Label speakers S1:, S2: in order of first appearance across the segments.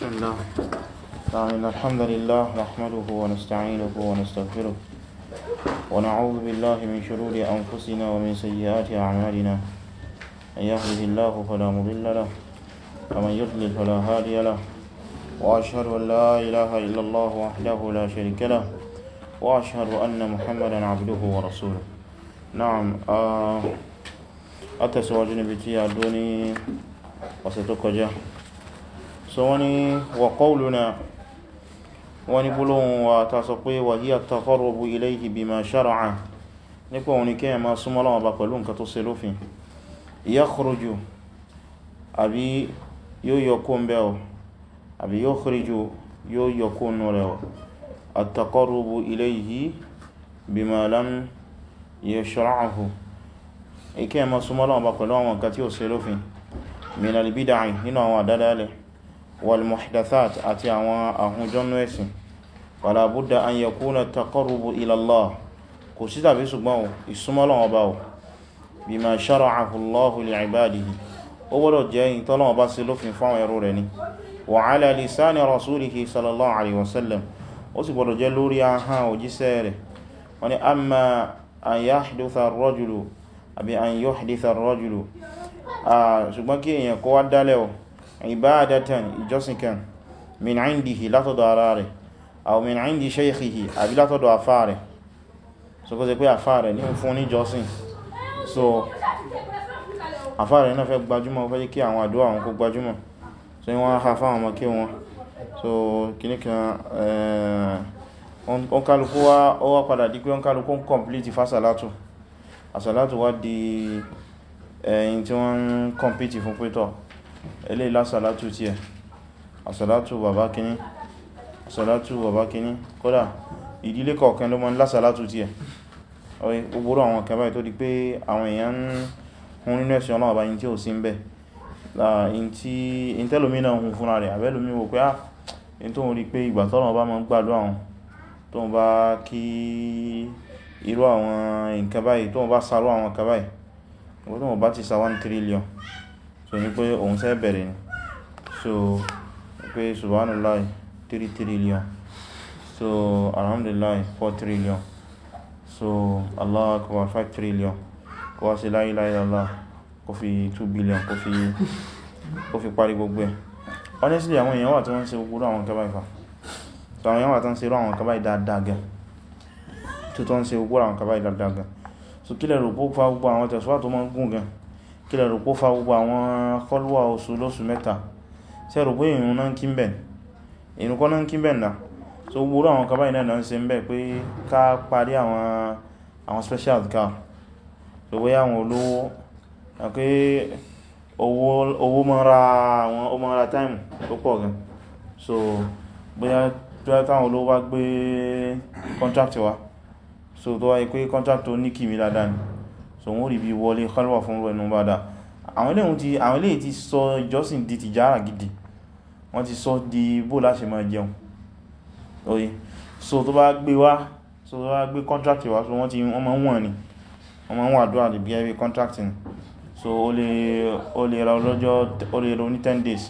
S1: بسم الله تعالى نعم، الحمد لله نحمده ونستعينه ونستغفره ونعوذ بالله من شرور أنفسنا ومن سيئات أعمالنا أن يهده الله فلا مضل له ومن يضلل فلا هادي له وأشهد أن لا إله إلا الله وحده لا شريك له وأشهد أن محمدا عبده ورسوله نعم آه، أتسوى جنبتي أدوني وستقجه so wọ́n ni wa qawluna wọ́n ni gbólóhùn wa ta sọ pé wa hiya at-taqarrubu ilayhi bima shar'a nípa òun ni kí ẹ̀mà súnmọ́ Ọlọ́run Ọba pẹ̀lú nǹkan tó ṣe lófin yakhruju àbí yóò yọkó ń bẹ́ ọ àbí yukhriju yóò yọkó ń rẹ̀ ọ at-taqarrubu ilayhi bima lam yashra'hu ikẹ́ ẹ̀mà súnmọ́ Ọlọ́run Ọba pẹ̀lú àwọn nǹkan tí ó ṣe lófin min al-bid'i nínú àwọn àdádálẹ̀ والمحدثات àti àwọn àhúnjọ́nú ẹ̀sìn fala budda an yakuna taqarrubu ila Allah kò sí tàbí ṣùgbọ́n ìsúnmọ́lọ́wọ́ bá o bima shara'ahu Allahu li ibadihi ó gbọ́dọ̀ jẹ́ yìí tọ́lọ́wọ́ bá sí lófin fáwọn ẹrú rẹ̀ ni wa ala lisani rasulihi sallallahu alaihi wasallam ó sì gbọ́dọ̀ jẹ́ lórí ahán òjíṣẹ́ rẹ̀ wọ́n ni amma an yahditha ar-rajulu àbí an yuhditha ar-rajulu ṣùgbọ́n kí èèyàn kó wá dálẹ̀ o ibadatan ìjọsìn kan min indihi látọ̀dọ̀ ara rẹ̀ aw min indi shaykhihi àbí látọ̀dọ̀ afá rẹ̀ so kó ṣe pé afá rẹ̀ ní fún ní jọsìn so afá rẹ̀ náà fẹ́ gbajúmọ̀ fẹ́ kí àwọn àdúwà wọn kó gbajúmọ̀ so wọ́n ha fáwọn ọmọ kí wọn so kìníkan ọkàlùkú eh, wá padà eh, wọ́n ilé lásàlátù tí ẹ̀ àsàlátù bàbá kìíní àsàlátù bàbá kìíní kódà ìdílé kọ̀ọ̀kan ló mọ́ lásàlátù tí ẹ̀ ogboro àwọn kẹba tó di pé àwọn èèyàn hun nínú ẹ̀sìn ọlọ́wọ́ bá yí tí ó sí ń bẹ̀ ìntẹ́lómínà hun fúnra rẹ̀ àbẹ́lómí wò pé á ah, in tó ń rí pé ìgbà tọ́lọ̀ bá mọ́ gbàdọ́ àwọn tó ń bá kí irú àwọn nǹkan báyìí tó ń bá sáró àwọn nǹkan báyìí wọ́n tó ń bá ti sa 1 trillion so ní pé òun sẹ́ bẹ̀rẹ̀ ni so pé subhanallah 3 trillion so alhamdulillah 4 trillion so allah akbar 5 trillion kó wá sí la ilaha illallah kó fi 2 billion kó fi kó fi parí gbogbo ẹ̀ honestly àwọn èèyàn wà tí wọ́n ń ṣe gbogbo àwọn kẹba ìfà so àwọn èèyàn wà tí wọ́n ń ṣe rú àwọn kẹba ìdáadáa gan tó tó ń ṣe gbogbo àwọn kẹba ìdáadáa gan so kílẹ̀ rò pó fa gbogbo àwọn tẹ̀síwá tó mọ́ gùn gan kílẹ̀ rò pó fa gbogbo àwọn kọlùwà oṣù lóṣù mẹ́ta tí a rò pé ìrun náà kí bẹ̀ ìrun kọ́ náà kí bẹ̀ náà so gbogbo àwọn kaba iná náà ṣe ń bẹ̀ pé ká parí àwọn àwọn special car so wé àwọn olówó pé owó mọ́ra àwọn ó mọ́ra time tó pọ̀ gan so bóyá tó yá táwọn olówó bá gbé contract wa so tó wáyé pé contract tó ní kìí dáadáa ni so wọ́n rí bí wọlé khalwa fún ẹnu bada àwọn ilé ti àwọn ilé ti sọ ìjọsìn di tìjára gidi wọ́n ti sọ di bó láṣe máa jẹun oye so tó bá gbé wá so tó bá gbé contract wá so wọ́n ti wọ́n máa ń wọ̀n ni wọ́n máa ń wà dúwà bí ẹbí contracting so o lè o lè ra ọlọ́jọ́ o lè ra ní 10 days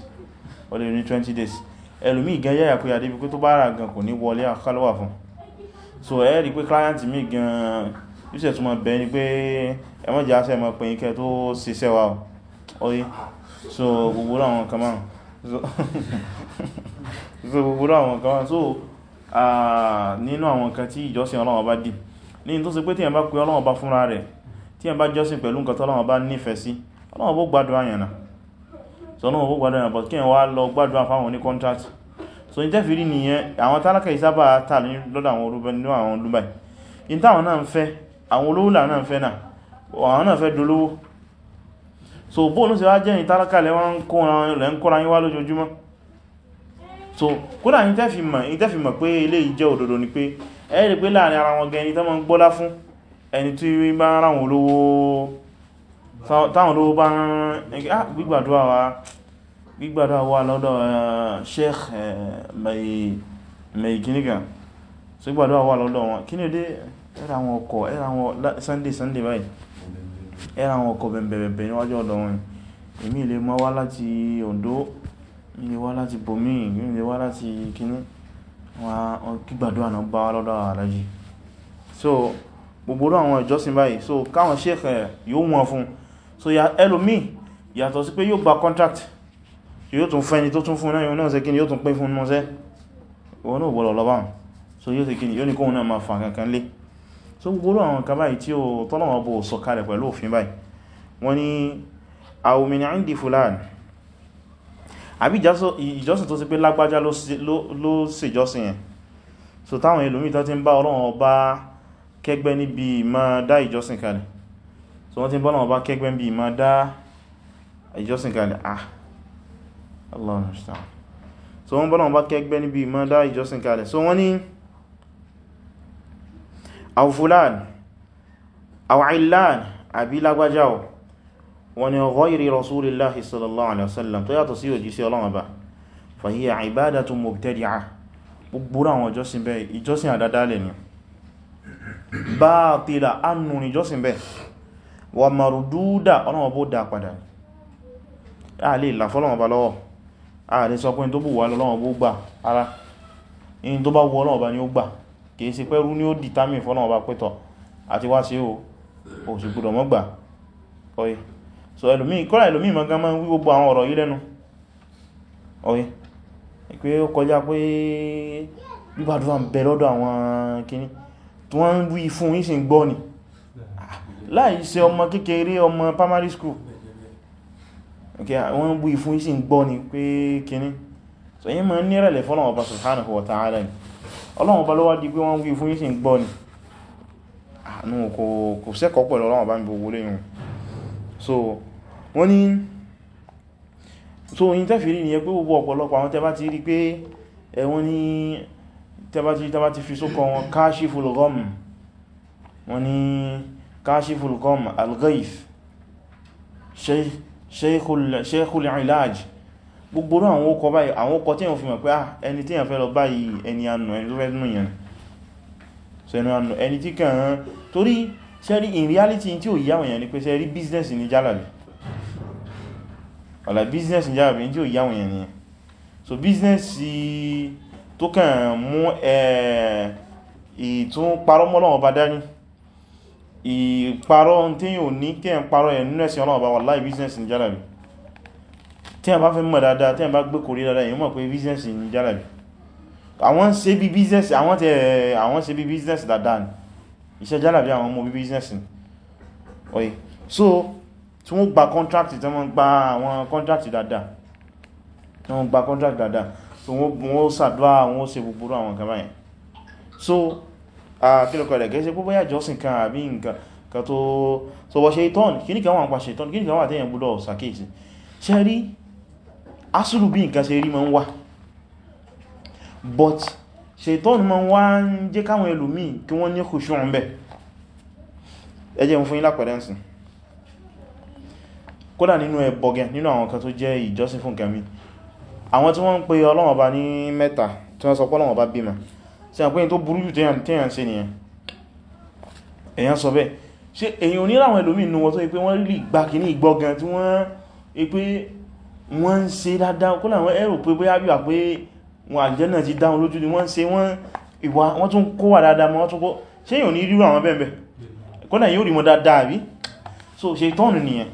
S1: o lè ra ní 20 days ẹlòmí gan yáyà pé àdébí pé tó bá rà gan kò ní wọlé àkálọ́wà fún so ẹ́ rí pé client mi gan ìṣẹ́ tó ma bẹ̀ ni pé ẹmọ́jẹ́ aṣẹ́ ma pẹ̀yìn kẹ tó ṣiṣẹ́ wa oye so gbogbo àwọn kan so gbogbo àwọn kan so nínú àwọn kan tí ìjọsìn Ọlọ́run bá dì ní tó sì pé tí ẹ bá pè Ọlọ́run bá fúnra rẹ̀ tí ẹ bá jọ́sìn pẹ̀lú nǹkan tọ́lọ́run bá nífẹ̀ẹ́ sí Ọlọ́run bó gbádùn so Ọlọ́run bó gbádùn àyànà but kí ẹ wá lọ contract so ní tẹ́fìrí nìyẹn àwọn tálákà ìsábà tà lọ́dọ̀ àwọn olúbẹ̀ nínú àwọn olúbẹ̀ in táwọn náà ń fẹ́ àwọn olówó là náà fẹ́ náà àwọn náà fẹ́ dolówó so bóòlù sí wá jẹ́ ìtàlákà lẹ́wọ́n kóra yín wá so kódà yí tẹ́fì mọ̀ pé ilé ìjẹ́ òdodo ni pé ẹ̀rì pé láàrin ara wọn gẹni tó mọ́ ń gbọ́lá fún ẹni tí bá ń ráwọn olówó táwọn olówó bá ń ah, gbígbàdúwà wà lọ́dọ̀ eh, sheikh eh, mai kinigan so gbígbàdúwà wà lọ́dọ̀ wọn kí ẹ̀rà àwọn ọkọ̀ ẹ̀rà àwọn sunday sunday báyìí ẹ̀rà àwọn ọkọ̀ bẹ̀m̀bẹ̀bẹ̀ níwájú ọ̀dọ̀ wọn èmi lè mọ́ wá láti Oǹdó mi wá láti bomi mi wá láti kíní wọn gbígbàdó àná bá wá lọ́dọ̀ aláàjì so gbogbo àwọn ìjọsìn báyìí so káwọn sheikh yóò wọn fún so ẹlòmí yàtọ̀ sí pé yóò gba contract yóò tún fẹ́ni tó tún fún náà yóò náà sẹ́kíní yóò tún pín fún náà sẹ́ wọn náà gbọ́lọ̀ lọ́bàá so yóò sẹ́kíní yóò ní kóhun náà ma fà kankan lé so gbogbo àwọn kan báyìí tí ó tọ́lọ̀wọ́ bó sọ kalẹ̀ pẹ̀lú òfin báyìí wọ́n ni aw min indi fulan àbí ìjọsìn tó sì pé lágbájá ló ṣèjọsìn yẹn so táwọn ẹlòmíì tó ti ń bá Ọlọ́run ọba kẹgbẹ́ níbi ìmá dá ìjọsìn kalẹ̀ so wọ́n ti ń bá Ọlọ́run ọba kẹgbẹ́ níbi ìmá dá ìjọsìn kalẹ̀ ah Allah dá ìjọsìn kalẹ̀ so wọ́n ni aw fulan aw illan àbí lágbájá o wọ́n ni ghayri rasulillahi sallallahu alaihi wasallam tó yàtọ̀ sí òjíṣẹ́ Ọlọ́run ba fa hiya ibadatun mubtadi'ah gbogbo àwọn ìjọsìn bẹ́ ìjọsìn àdádálẹ̀ ni báàtìlà annù ni ìjọsìn bẹ́ wà màrùdúdà ọlọ́wọ́ bó dá padà ní ààlè ìlàfọ́lọ́wọ́ bá lọ́wọ́ ààlè sọ pé tó bù wà lọ́wọ́ bó gbà ara in tó bá wọ́ ọlọ́wọ́ bá ní ó gbà kìí ṣe pẹ́rú ní ó determine fọ́nà ọba pẹ́tọ̀ àti wá sí o sì gbọdọ̀ mọ́ gbà ọ̀yẹ́ so ẹlòmíì kọ́lá ẹlòmíì mọ́ gánmọ́ wí gbogbo àwọn ọ̀rọ̀ yìí lẹ́nu ọ̀yẹ́ pé ó kọjá pé bíbàdúrà ń bẹ lọ́dọ̀ àwọn kìíní tí ọlọ́run bá lọ́wọ́ di pé wọ́n wí fún yín sì ń gbọ́ ni àánú kò sẹ́kọ̀ọ́ pẹ̀lú ọlọ́run bá ń gbogbo léyìn so wọ́n ni so yí tẹ́fì rí ni ẹgbẹ́ gbogbo ọ̀pọ̀lọpọ̀ àwọn tẹ́bá ti rí pé ẹ̀wọ́n ni tẹ́bá ti fi sókọ wọn kashiful gham wọ́n ni kashiful gham gbogbo àwọn okọ báyìí àwọn okọ tí èyàn fi mọ̀ pé ah, ẹni tí èyàn fẹ́ lọ báyìí ẹni anù ẹni tó fẹ́ nù yàn so ẹnu anù ẹni tí kàn án torí sẹ́rí in reality tí ò yáwọn èyàn ni pé sẹ́rí business ni jálàbí ọ̀là business ni jálàbí tí ò yáwọn èyàn ni so business tó kàn mú ìtún parọ́ mọ́lọ́wọ́ bá dání ìparọ́ tí yíò ní kí tí wọ́n bá fẹ́ mọ̀ dáadáa tí wọ́n bá gbé kò rí dáadáa yìí pé business ni jálàbí àwọn ṣe bí business àwọn tẹ àwọn ṣe bí business dáadáa ni iṣẹ́ jálàbí àwọn ọmọ bí business ni oye so tí wọ́n gba contract tí wọ́n gba àwọn contract dáadáa tí wọ́n gba contract dáadáa so wọ́n ṣàdúrà wọ́n ṣe búburú àwọn kan báyẹn so kílọ̀kọ̀ rẹ̀ gẹ́ẹ́sẹ́ púpọ̀ yà jọ́sìn kan àbí nǹkan kan tó wọ́n ṣe ìtọ́n kí ní kan wà ń pa ṣe ìtọ́n kí ní kan wà tẹ́yàn gbúdọ̀ sàkíyèsí ṣe asúlù bí nǹkan ṣe rí ma ń wá but ṣètọ́nù ma ń wá ń jẹ́ káwọn ẹlòmí kí wọ́n ní kùsù ń bẹ̀ ẹ jẹ́ n fún yín lápẹẹrẹ ǹsìn kódà nínú ẹbọgẹ nínú àwọn kan tó jẹ́ ìjọsìn fún kẹmí àwọn tí wọ́n ń pe Ọlọ́run Ọba ní mẹ́ta tí wọ́n sọ pé Ọlọ́run Ọba bímọ sí àpẹyìn tó burú jù téèyàn ṣe nìyẹn èyàn sọ bẹ́ẹ̀ ṣe èyàn oníláwọn ẹlòmí nínú wọn tó yí wọ́n rí ìgbàkíní ìgbọ́gan tí wọ́n yí wọ́n ń ṣe dáadáa kó láwọn ẹ̀rọ pé bóyá bí wà pé wọn àlùjánnà ti dáhùn lójú ni wọ́n ṣe wọ́n ìwà wọ́n tún kó wà dáadáa wọ́n tún kó ṣe yíò ní rírù àwọn bẹ́ẹ̀bẹ̀ kódà yóò rí mọ́ dáadáa rí so ṣètọ́nù nìyẹn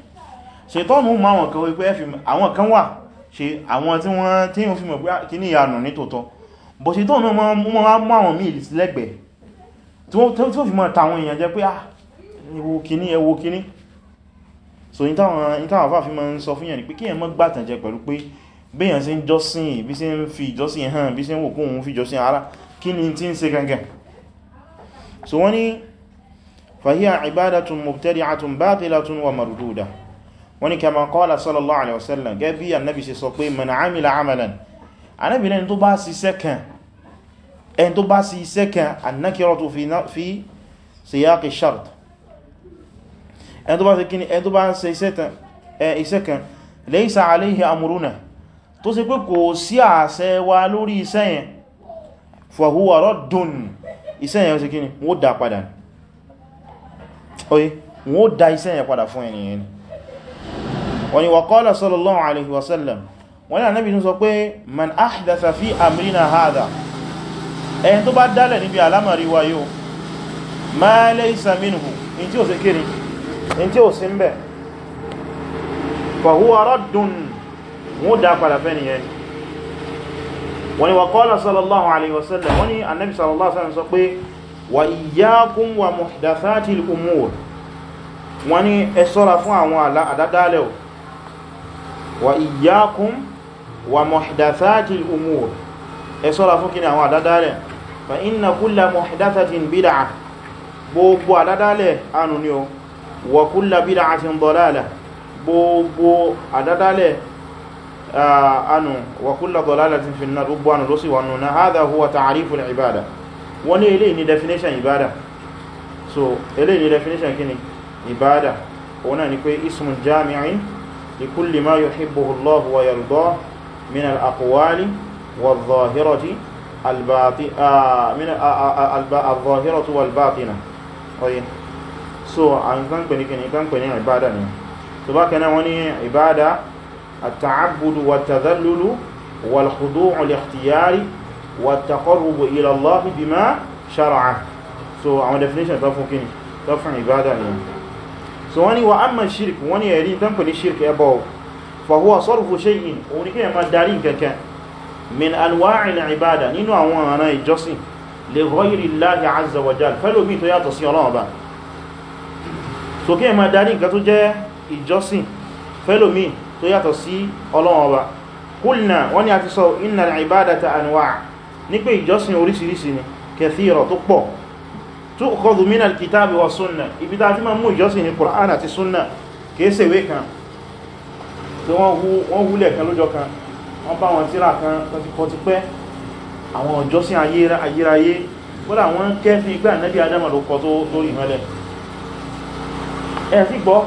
S1: ṣètọ́nù mọ́ àwọn kan wípé àwọn kan wà ṣe àwọn tí wọ́n tí yíò fi mọ̀ pé kí ní ìyànà ní tòótọ́ bọ̀ ṣètọ́nù mọ́ àwọn míì lẹ́gbẹ̀ẹ́ tí ó fi mọ́ tàwọn èèyàn jẹ́ pé ah ewo kìíní ewo kìíní so ní táwọn àfáà fi máa ń sọ fún yàn ní pé kíyàn má gbàtànjẹ pẹ̀lú pé béèyàn sí ń jọ́sìn bí sí ń fi ìjọ́sìn hàn bí sí ń wò kóhun fi ìjọ́sìn ara kí ni tí ń ṣe gangan so wọ́n ní fahiya ibadatun mubtadi'atun batilatun wa marduda wọ́n ní kama qala sallallahu alaihi wasallam ẹni tó bá ṣe kí ni ẹni tó bá ń ṣe iṣẹ́ kan laysa alayhi amruna tó ṣe pé kò sí àṣẹ wa lórí iṣẹ́ yẹn fa huwa raddun iṣẹ́ yẹn ṣe kí ni wọ́n dá padà oye wọ́n dá iṣẹ́ yẹn padà fún ẹniyàn ni wọ́n ni wa qala ma laysa minhu in tí ó ṣe kí in tí ó sí ń bẹ̀ fàhúwà rọ́dùn mú dá padà fẹ́ nìyẹn wọ́n ni wà kọ́lá sallallahu alaihi wasallam wọ́n ni annabi sallallahu alaihi wasallam sọ pé wà iyyakum wa muhdathatil umur wọ́n ni ẹ ṣọ́ra fún àwọn àdádálẹ̀ wà iyyakum wa muhdathatil umur ẹ ṣọ́ra fún kí wa kullu bid'atin dalalah gbogbo àdádálẹ̀ ah, anu wa kullu dalalatin fi an-nar gbogbo anu ló sì wà nuna hadha huwa ta'riful ibada wọ́n ní eléyìí ni definition ibada so eléyìí ni definition kíni ibada òun náà ni pé ismun jami'in li kulli ma yuhibbuhu Allahu wa yardah min al-aqwali wal-zahirati al-batina ah, so àwọn pè ní kìnnì kan pè ní ìbádà ni so bákan náà wọ́n ní ìbádà àtàábùdù wà tàzálùlù wà lùkùdù ọ̀lẹ́kìtìyàrí wà tàkọrùbù ìlàlọ́hì bí má ṣàrọ̀á so àwọn definition tó fún kìnnì tó fún ìbádà ni so wọ́n ní wà á mọ̀ shirk wọ́n ní ẹ̀rí tán pè ní shirk ẹbọ fahuwa sarfu shay'in òun kí ma darí kẹkẹ min anwa'il ìbádà nínú àwọn ọ̀nà ìjọsìn li ghayri Allahi azza wa jal fẹ́lómi tó yàtọ̀ sí ọlọ́ọ̀bá so kí ẹ máa darí nǹkan tó jẹ́ ìjọsìn fẹ́lòmí tó yàtọ̀ sí Ọlọ́run Ọba kulna wọ́n ni a ti sọ innal ibadata anwa' ní pé ìjọsìn oríṣiríṣi ni kathira tó pọ̀ tukhadhu minal kitabi wa sunna ibi ta ma mú ìjọsìn ni Qur'an àti sunna kéèsèwé kan tí wọ́n húlẹ̀ kan lójọ kan wọ́n bá wọn tíra kan kọ́ ti pẹ́ àwọn ìjọsìn ayérayé wọ́n àwọn kẹ́fin igbá nẹ́bí adama tó rí mẹ́lẹ̀ ẹ̀ sí gbọ́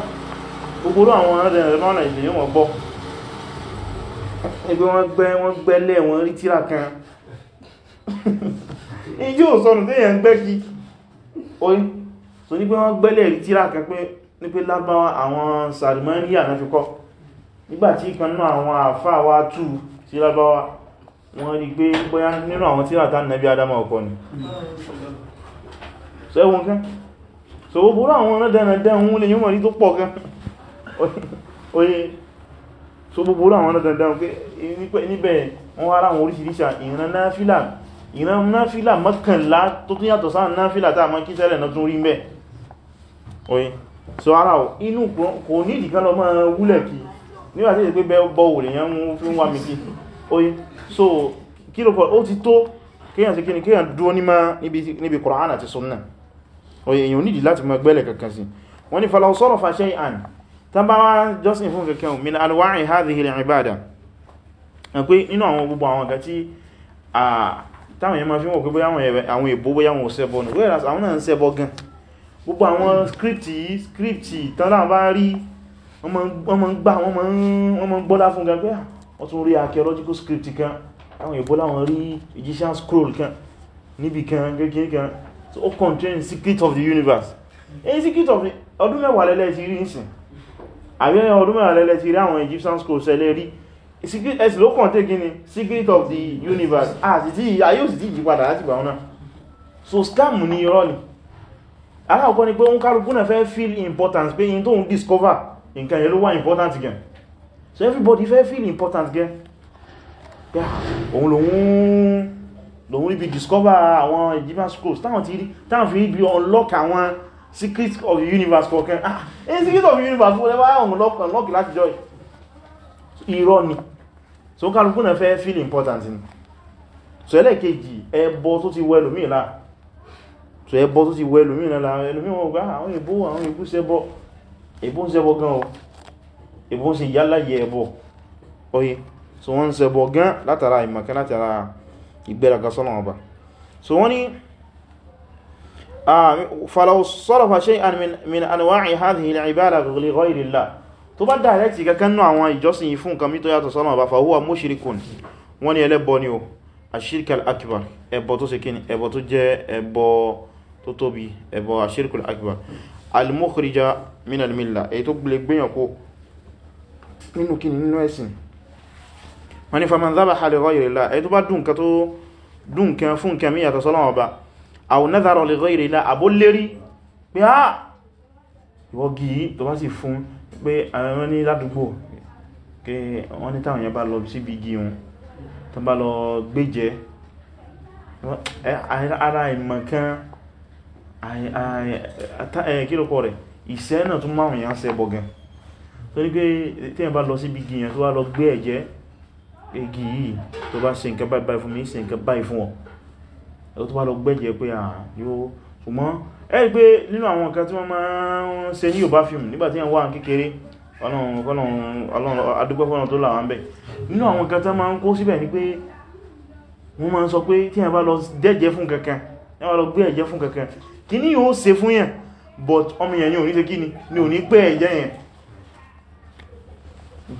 S1: gbogbo àwọn ọ̀rẹ́dẹ̀rẹ̀mọ́nà ìlú yóò gbọ́ ẹgbẹ́ wọ́n gbẹ́ wọ́n gbẹ́lẹ̀ wọ́n rí tíra kan ìjú ò sọ́nù tí èyàn gbẹ́ kí oí so ní wọ́n gbẹ́lẹ̀ rí tíra kan pé ní pé àwọn sàrìmọ́níyà náà fi kọ́ so gbogbo àwọn ọ̀nà dandandan ohun lè yíò mọ̀ ní tó pọ̀ gan oye so gbogbo àwọn ọ̀nà dandandan pé níbẹ̀ wọ́n ara àwọn oríṣiríṣi ìran náfílà ìran náfílà mọ́kànlá tó tún yàtọ̀ sáà náfílà tàà mọ́ kí tẹ́lẹ̀ náà tún rí mẹ́ oye so ara ò inú kò ní ìdíkan lọ máa wúlẹ̀ kí nígbàtí ìpé bẹ́ bọ́wò lè yán fi ń wá mi kí so kí lọ fọ́ ó ti tó kíyàn sí kíyàn dúó níbi Kùránì àti Sunnah oye èyàn nídìí láti mọ ẹgbẹ́lẹ̀ kankan sí wọ́n ni falaw sarafa shay'an tán bá wá jọ́sìn fún kankan min anwa'i hadhihi al-ibada pé inú àwọn gbogbo àwọn ọ̀gá tí táwọn yẹn fi whereas àwọn náà ń ṣẹbọ gan gbogbo àwọn scripti scripti tán láwọn bá rí wọ́n ma ń gbá wọ́n ma ń gbọ́lá so ó contain secret of the universe in secret of the. ọdún mẹ́wàá lẹ́lẹ́ ti rí ìsìn àbí ọdún mẹ́wàá lẹ́lẹ́ ti rí àwọn Egyptian scrolls ẹlẹ́ rí ẹ̀sì ló contain gini secret of the universe àti tí ayé òsì tí ìjípadà láti gbà náà so scam ni irọ́ ni aláàkọ́ ni pé ó ń kálùkù náà fẹ́ feel important pé in tó ń discover nǹkan yẹn ló wà important again so everybody fẹ́ feel important again yeah lòun ibi discover àwọn egyptian scrolls táwọn ti rí táwọn fi ibi unlock àwọn secret of the universe kọ̀ọ̀kẹ́ ah in secret of the universe wọ́n lẹ́wà unlock unlock láti joy irọ́ ni so kálùkù náà fẹ́ feel important ni so ẹlẹ́kejì ẹbọ tó ti wọ ẹlòmíì láà so ẹbọ tó ti wọ ẹlòmíì láà ẹlòmíì wọn gbá ah, àwọn ìbò àwọn ìbò ṣẹbọ ìbò ń ṣẹbọ gan o ìbò ń ṣe yálàyẹ ẹbọ oye so wọ́n ń ṣẹbọ gan látara ìmọ̀kẹ́ látara ìgbéraga sọ́nà ọba so wọ́n ni ah, falau sọ́lọ̀fà shay'an min anwa'i hadhihi al-ibada li ghayri Allah tó bá dáyẹ̀tì kankan nù àwọn ìjọsìn yìí fún nǹkan mí tó yàtọ̀ sọ́nà ọba fa huwa mushrikun wọ́n ni ẹlẹ́bọ ni o ashirkal akbar ẹbọ tó ṣe kíni ẹbọ tó jẹ́ ẹbọ tó tóbi ẹbọ ashirkal akbar al-mukhrija èyí tó gbìyànkó nínú kíni nínú ẹ̀sìn wọ́n ni faman dhabaha li ghayri Allah èyí tó bá dùn kan sọ́lọ́wọ́ bá aw nadhara li ghayri Allah àbó pé á ìwọ́gí tó bá sì fún pé àwọn ní ládùúgbò ní pé tí yẹn bá lọ síbi igi yẹn tó wá lọ gbé ẹ̀jẹ́ igi yìí tó bá ṣe nǹkan báyìí báyìí fún mi ṣe nǹkan báyìí fún ọ ẹ̀ tó bá lọ gbẹ́jẹ̀ pé àà yóò ṣùgbọ́n ẹ́ pé nínú àwọn nǹkan tí wọ́n máa ń ṣe ní Yorùbá fíìmù nígbàtí yàn wà kékeré adúgbẹ́fọ́nà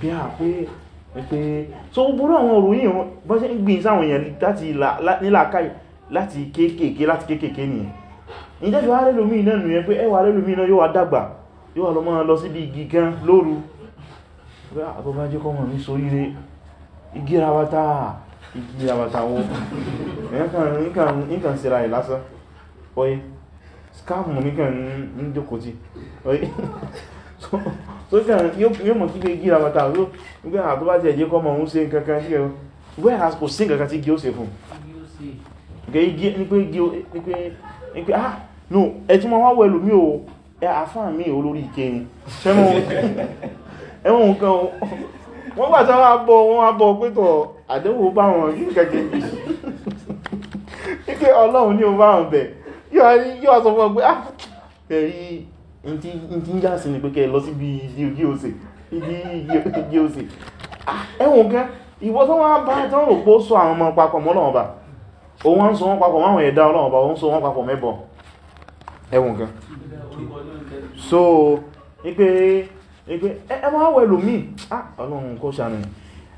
S1: bí a pé wípé so burú àwọn òròyìn wọn bọ́n sí ń gbìn sáwọn èèyàn láti nílàkà láti kéèkéèké láti kéèkéèké nìyàn ìjẹ́jọ wá lẹ́lòmí iná nù yẹn pé ẹwà lẹ́lòmí iná yóò wá dàgbà yóò wá lọ mọ́ lọ síbi igi gan lóru àbọ́bájẹ́ ah, kọmọ̀ mi so ire igi rabata igi rabata wo nǹkan síra ẹ̀ lásán oye skáàmù nìkan ń jókòó tí oye so kàn yóò mọ̀ kí lè gíra bàtà ló nígbé àtọ́ bá jẹ́ kọ́ mọ̀ ń ṣe kankan sí ẹ̀rọ whereas kò sí nǹkan tí gí ó ṣe fún nípe ah no ẹ̀tí mọ́ wá wẹ́lú mí o àfáà mi olórí ìkẹyìn ẹ̀wọ̀n nǹkan wọ́n gbà tí wọ́n bọ́ wọ́n bọ́ pẹ́tọ̀ àdẹ́wò bá wọn ní kẹ́kẹ́ nípe ọlọ́run ní o bá wọn bẹ̀ yóò sọ fún ọgbẹ́ ah tí ń yá sí ni pé kẹ́ lọ sí bí igi òsè igi òsè ah, ẹ̀wọ̀n gan ìwọ tó wọ́n bá tán rò pó sọ àwọn ọmọ papọ̀ mọ́ òun wọ́n sọ wọ́n papọ̀ máwọn ẹ̀dá ọlọ́wọ́ bá sọ wọ́n papọ̀ mẹ́bọ̀ ẹ̀wọ̀n gan so ipe ipe wẹ̀ lómi ah ọlọ́run kó sànù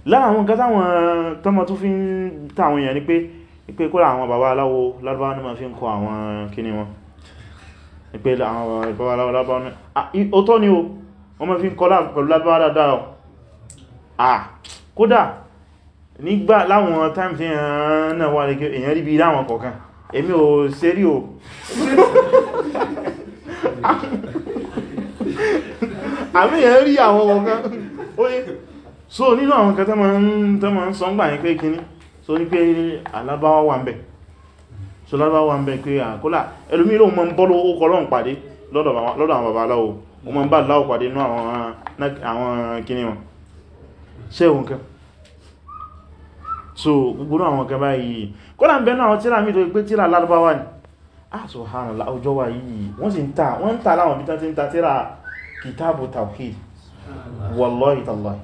S1: láàrín nǹkan táwọn tọ́mọ tó fi ń tàwọn èèyàn ni pé pé kó pé àwọn ìbáwà lábáwà ní ọ̀tọ̀ ni o wọ́n mọ́ fi ń kọlá pẹ̀lú lábáwà dáadáa ọ̀ ah kódà nígbà láwọn time fi hàn náà wà ní èyàn rí bí láwọn kọ̀ọ̀kan èmi ò sẹ́rí o àmì èyàn rí àwọn kọ̀ọ̀kan oye so nínú àwọn kan tẹ́ ma ń sọ ń gbà ní pé kíní so ní pé alábáwà wà ń bẹ̀ so lọ́dọ̀ wà ń bẹ pé àkólà ẹlòmí ló mọ́ ń bọ́ lówó kọlọ́n pàdé lọ́dọ̀ àwọn bàbá aláwò o mọ́ ń bá aláwò pàdé ní àwọn kíní wọn sẹ́wọ̀n kan so gbogbo àwọn kan báyìí kọ́lá ń bẹ náà tíra mi tó pé tíra lárúbáwá ni a so hàn láwùjọ wa yìí wọ́n sì ń ta wọ́n ń ta láwọn bí tán ti ń ta tíra kìtàbù tawhid wallahi tallahi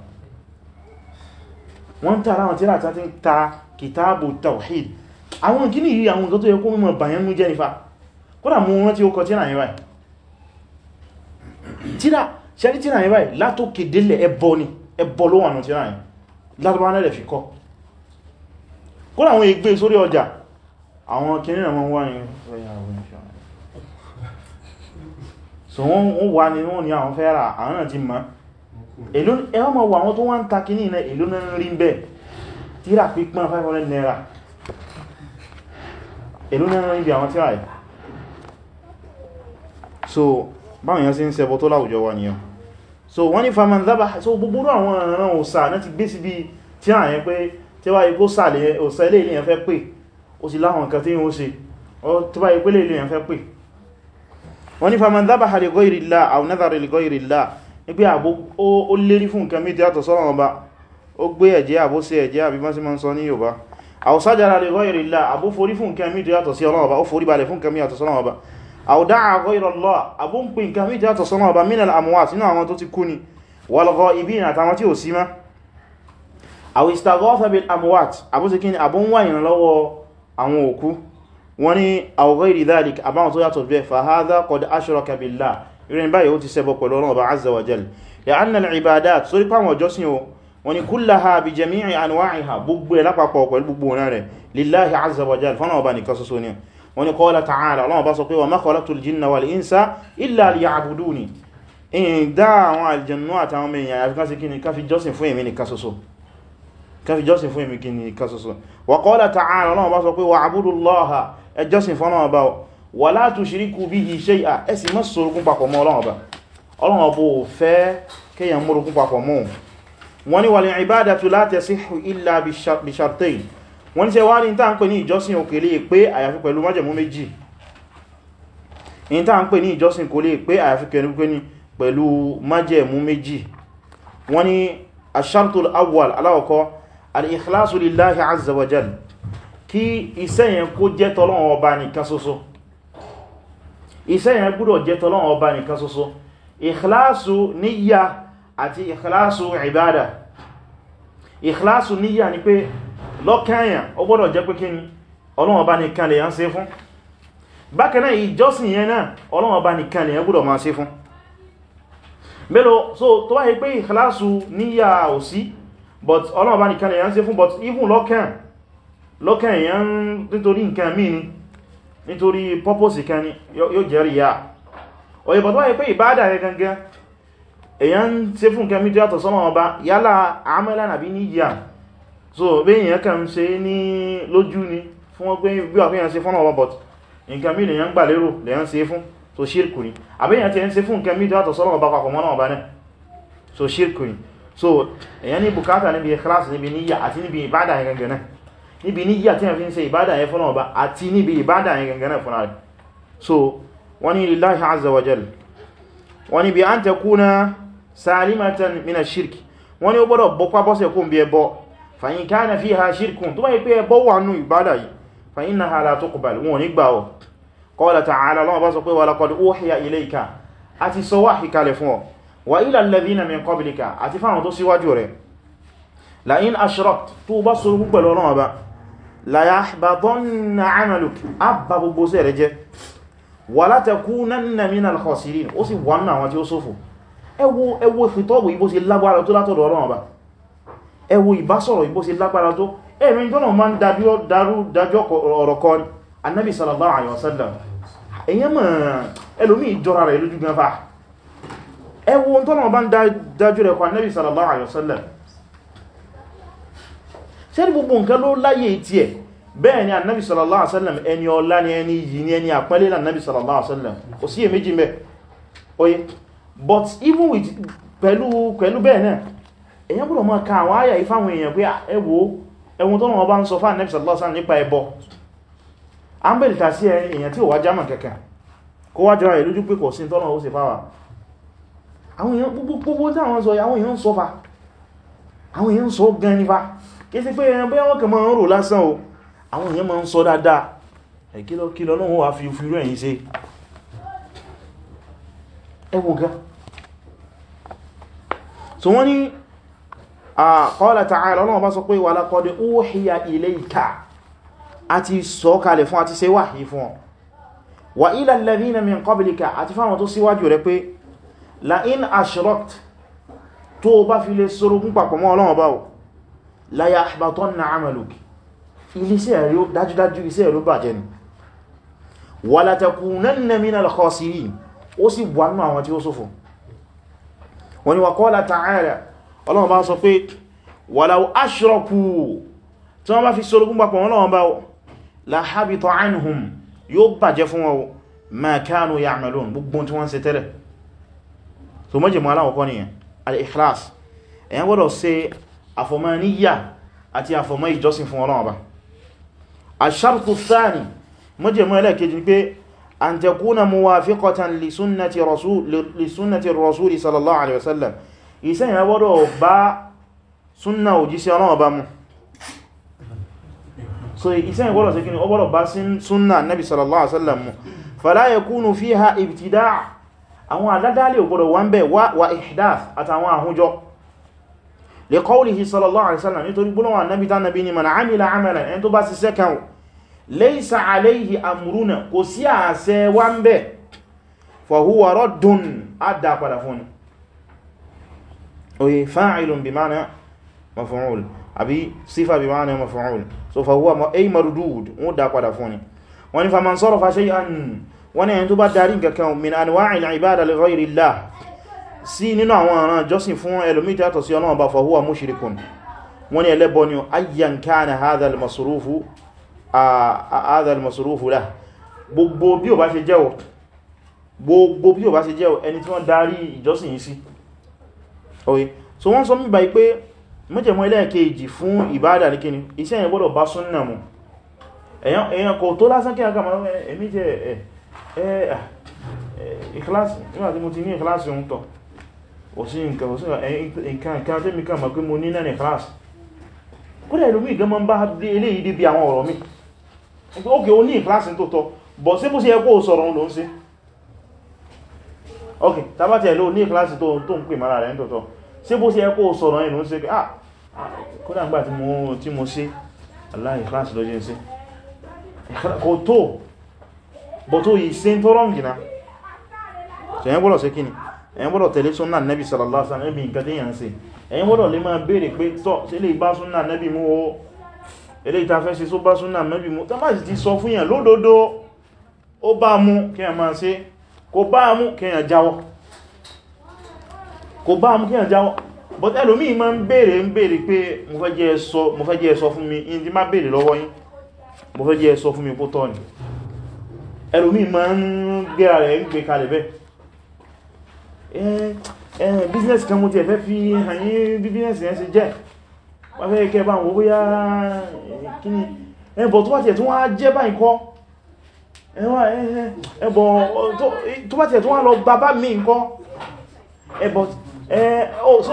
S1: wọ́n ń ta láwọn tíra tán ti ń ta kìtàbù tawhid àwọn kìíní yìí àwọn nǹkan tó yẹ kó mọ̀ bàyán mú jẹ́ nífà kódà mú rántí ó kọ tí náà yẹ báyìí tíra ṣẹ́rí tí náà yẹ báyìí látòkè délẹ̀ ẹbọ ni ẹbọ ló wà nù tí náà yẹ látọ̀bá náà fi kọ́ kódà àwọn so wọ́n wà ní wọ́n ní àwọn fẹ́ra àwọn náà ti mọ́ ẹ̀wọ́n mọ̀ wọ àwọn tó wá ń ta 500 naira èlú náà níbi àwọn a ẹ̀ so báwọn èèyàn sí ń ṣẹbọ tó láwùjọ wa nìyàn so wọ́n ní faman dábà so gbogbo àwọn ọ̀ràn òsà náà ti gbé sí bí tí à yẹn pé tí wáyé kó sàlẹ̀ òsà ilé ilé yẹn fẹ́ pè ó sì láwọn nǹkan tí ó ṣe tí wáyé pé ilé yẹn fẹ́ pè wọ́n ní faman dábà ha lè gọ́ ìrìlá àwọn nẹ́tàrí lè gọ́ ìrìlá ní pé àbó ó lérí fún nǹkan a àtọ̀ sọ́rọ̀ ọba ó gbé ẹ̀jẹ̀ àbó sí ẹ̀jẹ̀ àbí bá sí máa ń sọ ní Yorùbá aw sajara li ghayri Allah abu forí fún nǹkan mi tó yàtọ̀ sí Ọlọ́run Ọba ó forí balẹ̀ fún nǹkan mi yàtọ̀ sí Ọlọ́run Ọba aw da'a ghayra Allah abu ń pè nǹkan mi tó yàtọ̀ sí Ọlọ́run Ọba min al-amwat nínú àwọn tó ti kú ni wal ghaibin àtàwọn tí ò sí mọ́ aw istaghatha bil amwat abu sì kí ni abu ń wá ìrànlọ́wọ́ àwọn òkú wọ́n ní aw ghayri dhalik àbáwọn tó yàtọ̀ bẹ́ẹ̀ fa hadha qad ashraka ìrìn báyìí ó ti ṣẹbọ pẹ̀lú Ọlọ́run Ọba azza wa annal ibadat sórí pàwọn ọjọ́sìn o wọ́n ni kullaha bi jami'i anwa'iha gbogbo ẹ̀ lápapọ̀ pẹ̀lú gbogbo ọ̀nà rẹ̀ lillahi azza wa jalla fọ́nà ọba nìkan ṣoṣo ni wọ́n ni qala ta'ala ọlọ́wọ́ bá sọ pé wa ma khalaqtul jinna wal insa illa liya'buduni in dá àwọn aljannu àtàwọn mẹ́yìn àyàfi kan sí kí ni ká fi jọ́sìn fún èmi nìkan ṣoṣo ká fi fún èmi kí ni wa qala ta'ala ọlọ́wọ́ bá sọ pé wa'budu Allaha ẹ jọ́sìn fọ́nà ọba wa la tushriku bihi shay'a ẹ sì má sorokún papọ̀ mọ́ ọlọ́wọ́ ọba ọlọ́wọ́ bó fẹ́ kéèyàn mórokún papọ̀ mọ́ wọ́n ní wàlẹ̀ ìbádàtù la tasihhu illa bi shartain wọ́n ní ṣe wá ní tàà ń pè ní ìjọsìn ò kèlé pé àyàfi pẹ̀lú májẹ̀mú méjì in tàà ń pè ní ìjọsìn kò lè pé àyàfi pẹ̀lú májẹ̀mú méjì wọ́n ní ashartul awwal aláwọ̀kọ́ al-ikhlasu lillahi azza wa jal kí iṣẹ́ àti ìkìláàsù ìbádà ìkìláàsù níyà ni pé lọ́kànyà ó gbọ́dọ̀ jẹ́ pé kíni Ọlọ́run Ọba nìkan lè yán ṣe fún bákanáà ìjọsìn yẹn náà Ọlọ́run Ọba nìkan lè yán gbọ́dọ̀ máa ṣe fún mélòó so tó wáyé pé ìkìláàsù níyà ò sí but Ọlọ́run Ọba nìkan lè yán ṣe fún but even lọ́kàn lọ́kàn èyàn nítorí nǹkan míì ni nítorí purpose kan ni yóò jẹ́ ya. òyìnbọ̀ tó wáyé pé ìbádà rẹ̀ gangan èyàn ń ṣe fún kẹmí tí yàtọ̀ sọ́nà ọba yálà àmẹ́lá nàbí ní ìyà so bí èyàn kàn ṣe ní lójú ni fún wọn pé bí wà fíyàn ṣe fọ́nà ọba but nǹkan mí lèyàn gbà lérò lèyàn ṣe fún so ṣírkù ni àbíyàn ti ń ṣe fún kẹmí tí yàtọ̀ sọ́nà ọba papọ̀ mọ́nà ọba náà so ṣírkù ni so èyàn ní bùkátà níbi ikhlas níbi níyà àti níbi ìbádà yẹn gangan náà salimatan mina shirk wọ́n ní ó gbọ́dọ̀ bọ́ pábọ́sẹ̀ kó ń bí ẹbọ fàyín kana fiha shirkun tó bá yí pé ẹbọ wà nù ìbádà yìí fàyín innaha la tuqbal wọn nígbà ọ qala ta'ala lọ́wọ́ bá sọ pé wa laqad uhiya ilayka a ti sọ wáhì kalẹ̀ fún ọ wa ila alladhina min qablika àti fáwọn tó síwájú rẹ̀ la'in ashrakta tó bá sọ gbogbo lọ́wọ́ bá la yahbatanna 'amaluk abba gbogbo sẹ́rẹ̀ jẹ́ wa takunanna minal khasirin ó sì wọ́n náà wọn tí ó ẹwọ ẹwọ ìfìtọ́wò ìbó ṣe lágbára tó látọ̀dọ̀ ọ̀rọ̀ ọba ẹwọ ìbásọ̀rọ̀ ìbó ṣe lágbára tó ẹ̀rin tọ́nà ma ń dájọ́ ọ̀rọ̀ kọ́ annabi sallallahu alaihi wasallam èyàn mọ̀ ẹlòmí ìjọra rẹ̀ lójú gan fa ẹwọ tọ́nà ma ń dájú rẹ̀ kọ́ annabi sallallahu alaihi wasallam ṣẹ́rí gbogbo nǹkan ló láyé tí ẹ̀ bẹ́ẹ̀ ni annabi sallallahu alaihi wasallam ẹni ọlá ni ẹni yìí ni ẹni àpẹ́lẹ́ annabi sallallahu alaihi wasallam kò but even with pẹ̀lú pẹ̀lú bẹ́ẹ̀ náà èyàn gbọ́dọ̀ máa ka àwọn àyà ìfáwọn èèyàn pé ẹwọ ẹwọ tó wọ́n bá ń sọ fáà nẹ́bí sàlọ́sà nípa ẹbọ a ń bẹ̀lẹ̀ tà sí èèyàn tí ò wá jámà kẹkẹ kó wá jọra ìlójú pé kò sí tọ́nà ó sì fáwà àwọn èèyàn gbogbo tí àwọn sọ àwọn èèyàn sọ fa àwọn èèyàn sọ gan nípa kí sí pé ẹran bẹ́ wọ́n kàn máa ń rò lásán o àwọn èèyàn máa ń sọ dáadáa ẹ̀kílọ́kílọ́ náà wọ́n wá fi fi rú ẹ̀yìn ṣe ẹwọ gan so wọ́n ni qala ta'ala Ọlọ́run bá sọ pé wa laqad uhiya ilayka àti sọ̀kalẹ̀ fún àti ṣe wáhí fún ọ wa ila alladhina min qablika àti fáwọn tó síwájú rẹ pé la in ashrakt tó bá fi lè sorogún papọ̀ mọ́ Ọlọ́run bá o la yahbatanna 'amaluk ilé dájúdájú iṣẹ́ rẹ̀ bàjẹ́ ni wa latakunanna minal khasirin ó sì wà nínú àwọn tí ó ṣòfò wọ́n ni wa qala ta'ala ọlọ́wọ́n bá sọ pé walaw ashraku tí wọ́n bá fi sorogún papọ̀ wọn lọ́wọ́n bá la habita anhum yóò bàjẹ́ fún wọn ma kanu ya'malun gbogbo tí wọ́n ṣe tẹ́lẹ̀ so mọ́jẹ̀ mọ́ an takuna muwafiqatan li sunnati rasul li sunnati rasul sallallahu alaihi wasallam iṣẹ́ yẹn gbọ́dọ̀ bá sunna òjíṣẹ́ Ọlọ́run bá mu so iṣẹ́ yẹn gbọ́dọ̀ ṣe kíni ó gbọ́dọ̀ bá sunna nabi sallallahu alaihi wasallam mu fala yakunu fiha ibtida' àwọn aládàálẹ̀ ògbọ́dọ̀ wà ń bẹ̀ wa ihdath àtàwọn àhújọ li qawlihi sallallahu alaihi wasallam nítorí gbọ́nà wà nábi tá nábi ni man amila amalan ẹni tó bá ṣiṣẹ́ kan laysa alayhi amruna kò sí àṣẹ wá ń bẹ̀ fahuwa raddun àdá padà fún oye fa'ilun bi ma'na maf'ul àbí sífà bi ma'na maf'ul so fahuwa ay mardud wọ́n dá padà fún wọ́n ni faman sarafa shay'an wọ́n ni ẹni tó bá darí nǹkankan min anwa'il ibada li ghayri Allah sí nínú àwọn ọ̀ràn jọ́sìn fún ẹlòmí tàtọ̀ sí ọlọ́run bá fahuwa mushrikun wọ́n ni ni ayyan kana hadha al-masrufu àádà al-masrufu lah gbogbo bí o bá ṣe jẹ́ o gbogbo bí o bá ṣe jẹ́ o ẹni tí wọ́n darí ìjọsìn yìí sí oye so wọ́n sọ mí báyìí pé mẹ́jẹ̀mọ́ ẹlẹ́ẹ̀kejì fún ìbádà ní kíni iṣẹ́ yẹn gbọ́dọ̀ bá súnnà mu èyàn kò tó lásán kí àkàmà ẹ̀mí jẹ́ ìkìláàsì nígbàtí mo ti ní ìkìláàsì ń tọ̀ òsí nǹkan tẹ́mìkà mọ̀ pé mo ní náà ìkìláàsì kúrẹ̀ ìlú mi gan mọ́ bá dé ilé ìdí bí àwọn ọ̀rọ̀ mi ẹgbẹ́ òkè o ní ìkláàsì tó tọ́ bọ̀ sí bó sí ẹkọ́ sọ̀rọ̀ ló ń sí ok tàbátí ẹ̀lú ní ìkláàsì tó ń pè mara rẹ̀ tó tọ́ sí bó sí ẹkọ́ sọ̀rọ̀ ló ń sí ah kódà ń gbà tí mo sí aláì ìkláàsì ló jẹ́ sí kò tó bọ̀ tó yìí sí tó rọ́ǹgì na ẹ̀yin gbọ́dọ̀ sí kíni ẹ̀yin sallallahu alaihi wasallam ẹ̀yin gbọ́dọ̀ lè máa béèrè pé tọ́ sí lè bá súnnà nẹ́bì mú o ilé ìtafẹ́ ṣe só bá súnà mẹ́bí mú tán bá sì ti sọ fún yàn lódodo ó bá mú kíyàn máa ṣe kò bá mú kíyàn jáwọ́ kò bá mú kíyàn jáwọ́ but ẹlòmí ma ń bèèrè ń bèèrè pé mo fẹ́ jẹ́ ẹ sọ fún mi in ti má bèèrè lọ́wọ́ yín mo fẹ́ jẹ́ ẹ sọ fún mi kó tọ́ business kan mo ti ẹ̀fẹ́ fi hàn yí business yẹn ṣe jẹ́ pàfẹ́ ẹkẹ́ bá wọ́n bóyá eh, kíní ẹbọ̀ eh, tó bá tiẹ̀ tó wá jẹ́ báyìí kọ́ ẹbọ̀ eh, tó bá tiẹ̀ tó wá lọ bàbá mi kọ́ ẹbọ̀ oh, so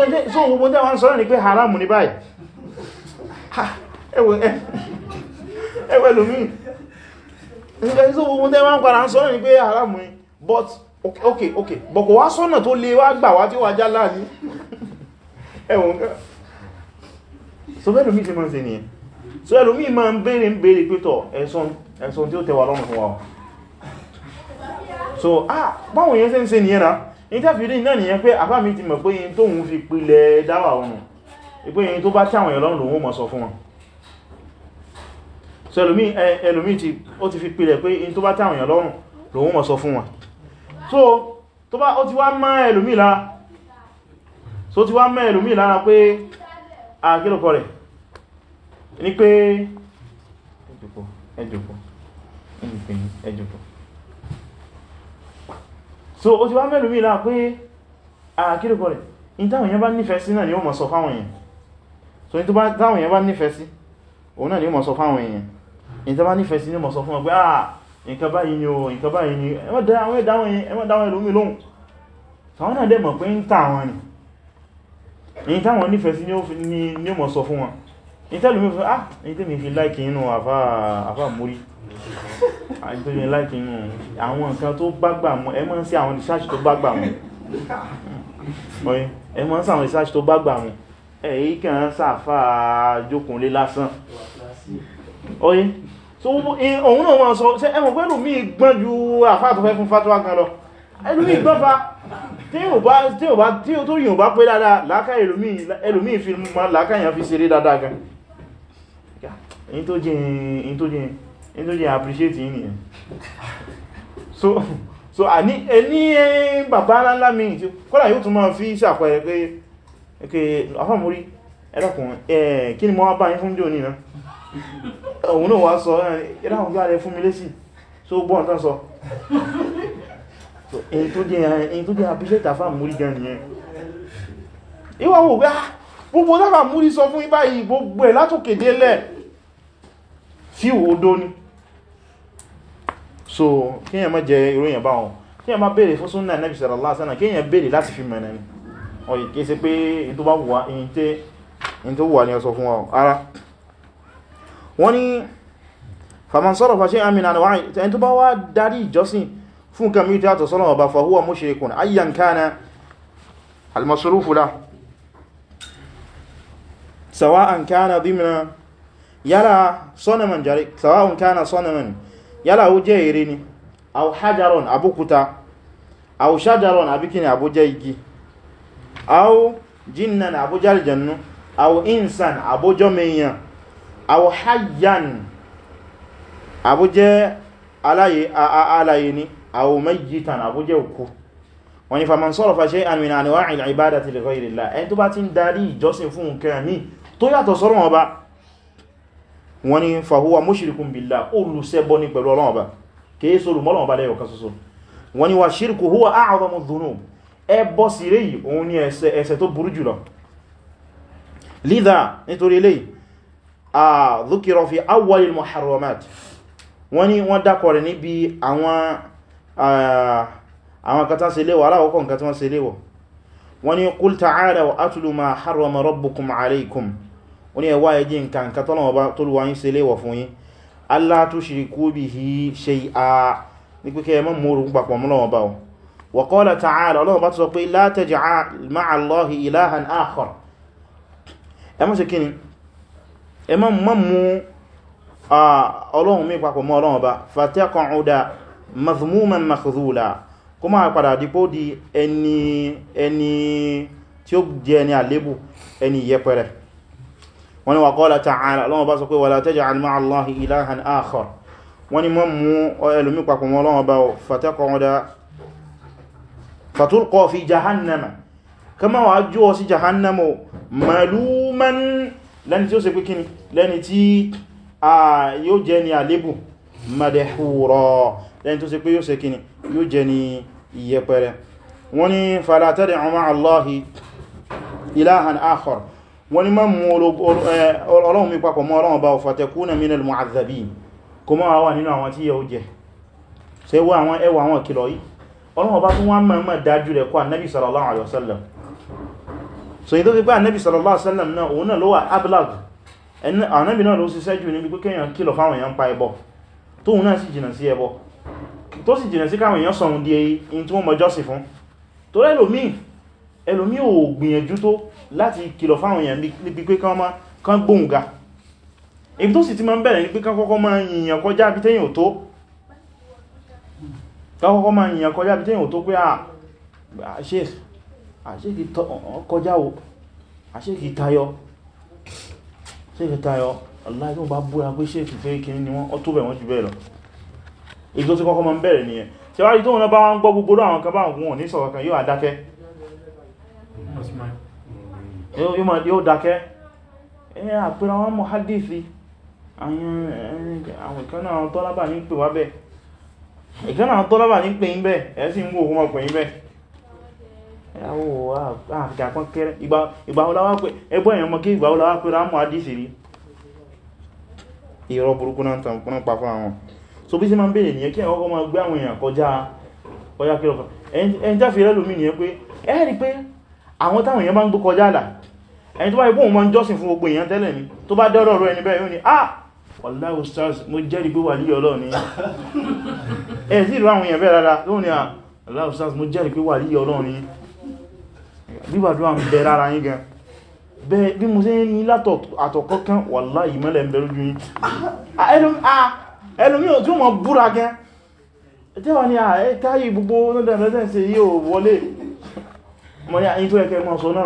S1: gbogbo jẹ́ wọ́n sọ́rọ̀ ní pé haramu ní báyìí ẹwẹ́ lómi nígbẹ́ so bẹ́ẹ̀ lómi ti mọ́ sí nìyẹn so ẹlòmí ma ń bèèrè ń bèèrè pẹ́tọ̀ ẹ̀sùn tí ó tẹ́wà lọ́rùn fún wa so ah báwọn yẹn ṣe ń ṣe nìyẹn náà ní tàbí náà nìyẹn pé àbá mi ti mọ̀ pé yìí tóhun fi pilẹ̀ dáwà ọ̀run ìpé yìí tó bá tí àwọn ẹ̀lọ́rùn lòun mọ̀ sọ fún wọn so ẹlòmí tí ó ti fi pilẹ̀ pé yìí tó bá tí àwọn ẹ̀lọ́rùn lòun ah, rẹ̀ ní pé ẹjọ́pọ̀ ẹjọ́pọ̀ ẹjọ́pọ̀ so o ti wá mẹ́lú mi láà pé àkírùkọ rẹ̀ in táwọn èèyàn bá nífẹ̀ẹ́ sí náà ni ó mọ̀ sọ fáwọn èèyàn so in táwọn èèyàn bá nífẹ̀ẹ́ sí òun náà ni ó mọ̀ sọ fáwọn èèyàn in tó fún wọn pé ah nǹkan báyìí ni o nǹkan báyìí ni ẹ má dá àwọn ẹlòmí lóhùn sàwọn náà dẹ̀ mọ̀ pé ń tà wọn ni in táwọn nífẹ̀ẹ́ sí ni ó mọ̀ sọ fún wọn ìtẹ́lù mi fún ah èyí tẹ́mi fi láìkì inú àfá mórí àyí tó yẹ láìkì inú àwọn nǹkan tó gbágbà mọ́ ẹ mọ́ sí àwọn research tó gbágbà mọ́ ẹ mọ́ sí àwọn research tó gbágbà mọ́ èyí kàn sáfà jókòólé lásán ẹlùmí gbọ́n tí ò tó yìnbá pé dáadáa lákàá ẹlùmí fi lákàá yàn fi ṣeré dáadáa gan in tó jẹ́ appreciate yìí nìyẹn so so àní ẹni bàbá ńlá mi tí kọ́lá yóò tún máa fi sàpẹẹ pé Mori, afọ́múrí ẹlọ́kùn ẹ̀ kí ni mọ́ bá yín fún jò na? òun náà wá sọ ẹ̀rọ̀kùn gbá rẹ fún mi lésì so gbọ́n tán sọ èyí tó jẹ́ appreciate afọ́múrí gan nìyẹn ìwọ̀n wò gbá ah, gbogbo lára múrí sọ fún ibáyìí gbogbo ẹ̀ látòkèdélẹ̀ fíwò odó ní so kíyàn má jẹ ìròyìn bá wọn kíyàn má bèèrè fún súnnà Nabi sallallahu alaihi wasallam kíyàn bèèrè láti fi mẹ́rin ní ọ̀yẹ̀ kìí ṣe pé in tó bá wà in tó wà ní ọsọ fún wọn ara wọ́n ni faman sarafa shay'an min anwa'i ẹni tó bá wá darí ìjọsìn fún nǹkan mìí tààtọ̀ sọ́lọ̀ ọba fa huwa mushrikun ayyan kana al-masrufu lahu sawa'an kana dhimna yálà sọ́nàmàn jari sawa'un kana sọ́nàmàn yálà ó jẹ́ ère ni aw hajaron abúkúta aw shajaron abikini abújẹ́ igi aw jinnan abújẹ́ aljannu aw insan abújọ́ mẹ́yàn aw hayyan abújẹ́ alaye alaye ni aw mayyitan abújẹ́ òkú wọ́n ni faman sarafa shay'an min anwa'il ibadati li ghayrillah ẹni tó bá ti ń darí ìjọsìn fún nǹkan mi tó yàtọ̀ sọ́rọ̀ ọba wọ́n ní fahuwa mushrikun billah olùsẹ́bọ́ ní pẹ̀lú ọlọ́ọ̀bá kìí sọ olùmọ́lọ́ọ̀bá lẹ́yọ̀ kan ṣoṣo wọ́n ní wa shirku huwa a'zamu dhunub ẹbọ sí rẹ̀ yìí òun ni ẹ̀ṣẹ̀ tó burú ta'ala wa atlu ma harrama rabbukum alaykum ó e e ní ẹwà ẹjí nǹkan nǹkan tọ́lọ̀wọ́ bá tó lùwà yín ṣe léwọ̀ fún yín Allah tushriku bihi shay'a ní pé kẹ́ mọ́ mọ́rù papọ̀ mọ́lọ́wọ́ bá wa qala ta'ala ọlọ́wọ́ bá tó sọ pé la taj'al ma'a Allahi ilahan akhar ẹ mọ́ ṣe kíni ẹ mọ́ mọ́ mú ọlọ́run mí papọ̀ mọ́ ọlọ́wọ́ bá fataq'uda madhmuman makhdhula kó padà dípò di ẹni tí ó jẹ ẹni àlébù ẹni yẹpẹrẹ wọ́n ní wa qala ta'ala Ọlọ́hun bá sọ pé wala taj'al ma'a Allahi ilahan akhar wọ́n ní mọ́ mú ẹlòmí papọ̀ mọ́ Ọlọ́hun bá fatulqa fi jahannama kama wà jú ọ sí jahannama maluman lẹ́ni tí ó wọ́n ni máa mú ọlọ́run mi papọ̀ mọ́ ọlọ́run bá ọ̀fàtẹ̀kú na minal mu'adhabin kò mọ́ wà nínú àwọn tí yẹ ó jẹ ṣe wọ́n àwọn ẹwà àwọn kìlọ̀ yìí ọlọ́run bá tún wọ́n mọ̀ dájú rẹ̀ kọ́ annabi sallallahu alaihi wasallam so ìdó gbígbá annabi sallallahu alaihi wasallam náà òun náà ló wà ablag annabi náà ló ṣiṣẹ́ jù níbi pé kéèyàn kìlọ̀ fáwọn èèyàn láti kìlọ̀ fáwọn èèyàn níbi pé kán gbóhùn ga ibi tó sì ti máa ń bẹ̀rẹ̀ ní pé kán kọ́kọ́ máa yìnyàn kọjá bí tẹ́yìn ò tó kọ́kọ́ máa yìnyàn kọjá bí tẹ́yìn ò tó pé àṣẹ́kì ah, ah, ah, tayọ ṣéèkì tayọ aláìsí wọn bá búra pé ṣéèkì fẹ́ kí ní wọ́n tó bẹ̀ wọ́n jù bẹ́ẹ̀ lọ ibi tó ti kọ́kọ́ máa ń bẹ̀rẹ̀ nìyẹn tí wáyé tó wọn bá wọ́n gbọ́ gbogbo àwọn kan bá ìmọ̀ yóò dákẹ́ ẹ àpẹẹrẹ àwọn mọ̀hádìsí àwọn ìkànnà àwọn tọ́lábà ní pè wá bẹ́ẹ̀ ìkànnà àwọn tọ́lábà ní pè ń bẹ́ẹ̀ ẹ̀ sì ń wò ó mọ̀pẹ̀ ń bẹ́ẹ̀ so bí sí ma ń bèèrè nìyẹn kí àwọn ọkọ̀ ma gbé àwọn èèyàn kọjá kọjá kí lọ́kọ̀ ẹni jáfẹ́ rẹ̀ lómi nìyẹn pé ẹ́rì pé àwọn táwọn èèyàn bá ń gbé kọjá àlà ẹni tó bá ipò wọn jọ́sìn fún gbogbo èèyàn tẹ́lẹ̀ ni tó bá dọ́rọ̀ rẹ̀ níbẹ̀ yóò ní ah wàlá ustaz mo jẹ́rìí pé wàlí Ọlọ́run ni ẹ̀ sí ìlú àwọn èèyàn bẹ́ẹ̀ rárá yóò ní ah wàlá ustaz mo jẹ́rìí pé wàlí Ọlọ́run ni bíbàdúrà ń bẹ rárá yín gan bẹ́ẹ̀ bí mo ṣe ń ní látọ̀ àtọ̀kọ́kán wàlá ìmọ́lẹ̀ ń bẹ lójú yín ah, ah, ẹlòmí ò tí ó mọ̀ búra gan tẹ́wà ní ààrẹ ah, táyì gbogbo náà dáadáa sí yíò wọlé mọ̀ ní àyíkọ́ ẹ̀kẹ́ mọ́ sọ náà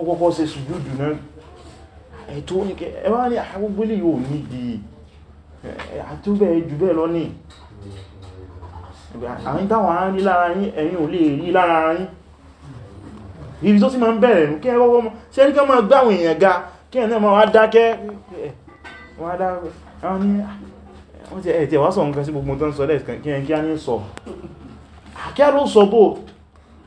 S1: ó kọ́kọ́ ṣe sùjúdù náà ẹ̀tọ́ oníkẹ́ ẹwà ní àgbógbélé ah, yóò ní di àtúbẹ̀ jù lọ ní àyín táwọn ará ní lára yín ẹ̀yin ò lè rí lára yín ibi tó sì máa ń bẹ̀rẹ̀ nù kí ẹgbọ́gbọ́ mọ́ sí ẹni kan máa gbáwọn èèyàn ga kí ẹ̀nà máa wá dákẹ́ wọ́n ah, ti ẹ̀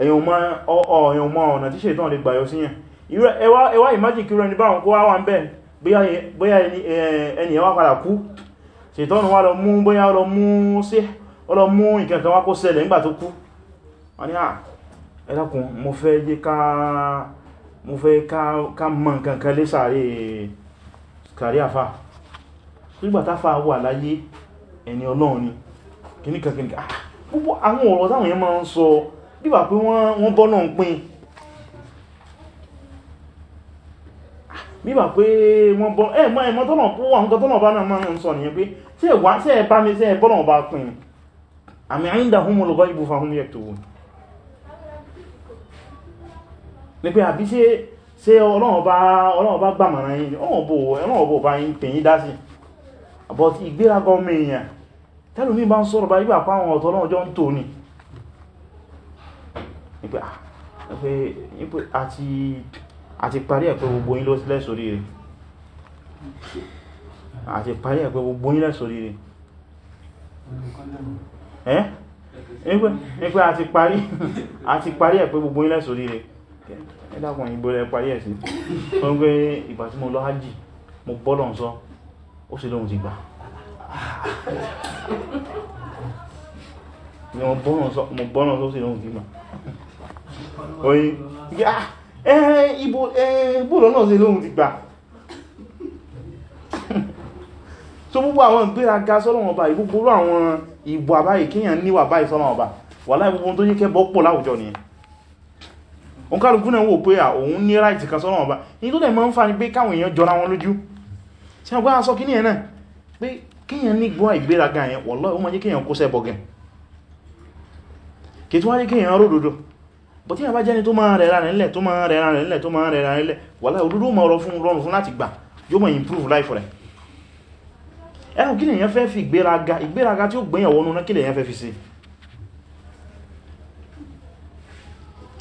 S1: èyàn mọ́ ọ̀nà tí ṣètán lè gbàyọ sí yẹn ẹwà ìmájì kí rẹni báwọn kó wá ń bẹ́ bóyá ẹni ẹwà padà kú ṣètán wá lọ mú bóyá lọ mú sí ọlọ mú ìkẹ̀kẹ̀ wá kó ṣẹlẹ̀ nígbà tó kú wọ́n ni à ẹlọ́kùn mo fẹ́ jẹ́ ká mọ̀ nǹkan kan lé sàárè àfà nígbàtàfà wà láyé ẹni ọlọ́run ni kìníkàkìníkà ah, gbogbo àwọn ọ̀rọ̀ táwọn yẹn máa ń sọ bíbà pé wọ́n bọ́nà ń pín bíbà pé wọ́n bọ́ ẹ̀mọ́ ẹ̀mọ́ tọ́nà púpọ̀ àwọn tọ́nà bá náà máa ń sọ nìyẹn pé tí ẹ̀wà tí ẹ̀ bá mi sí ẹ̀ bọ́nà bá pín àmì indahumul ghaibu fahum yaktubun ní pé àbí ṣe ọlọ́run bá gbàmàrà yìí ọlọ́run bó bá yìí tẹ̀yìn dá sí àbọ̀ ìgbéraga ọmọ èèyàn tẹ́lùmí bá ń sọ̀rọ̀ bá ìgbà pàwọn ọ̀tọ̀ ọlọ́run jọ ń tò ní pé àti ah, parí ẹ̀ pé gbogbo yín lẹ́sọ̀rí rẹ̀ àti parí ẹ̀ pé gbogbo yín lẹ́sọ̀rí rẹ̀ ẹ́ ní pé àti parí àti parí ẹ̀ pé gbogbo yín lẹ́sọ̀rí rẹ̀ ẹ́dàkùn ìgbòrẹ̀ parí ẹ̀ sí wọ́n pé ìgbà tí mo lọ hajji mo bọ́lọ̀ ń sọ ó sì lóhun ti gbà mo bọ́lọ̀ ń sọ ó sì lóhun ti gbà oyin ìbòlò ah, náà sí lóhun ti gbà so gbogbo àwọn ìgbéraga sọ́lọ́wọ́n ọba ìgbogbo àwọn ìbò àbáyì kíyàn níwà báyì sọ́lọ́wọ́n ọba wà láì gbogbo tó yíkẹ́ bọ́pọ̀ láwùjọ ni òun kálùkù náà wò pé òun ní ráìtì kan sọ́lọ́wọ́n ọba ní tó dẹ̀ mọ́ ń fa ni pé káwọn èèyàn jọra wọn lójú sí ọgbá sọ kí ní ẹ̀ náà pé kíyàn ní gbọ́ ìgbéraga yẹn wallahi ó máa jẹ́ kíyàn kó sẹ́bọ̀gẹ̀ kì tí wá jẹ́ kíyàn ródòdó bọ̀ tí a bá jẹ́ni tó máa rẹ̀ra rẹ̀ nílẹ̀ tó máa rẹ̀ra rẹ̀ nílẹ̀ tó máa rẹ̀ra rẹ̀ nílẹ̀ wàlá òdúdó ma rọ fún rọrùn fún láti gbà yóò mọ̀ improve life rẹ̀ ẹnu kí lèyàn fẹ́ fi ìgbéraga ìgbéraga tí ó gbẹ̀yàn wọnú náà kí lèyàn fẹ́ fi ṣe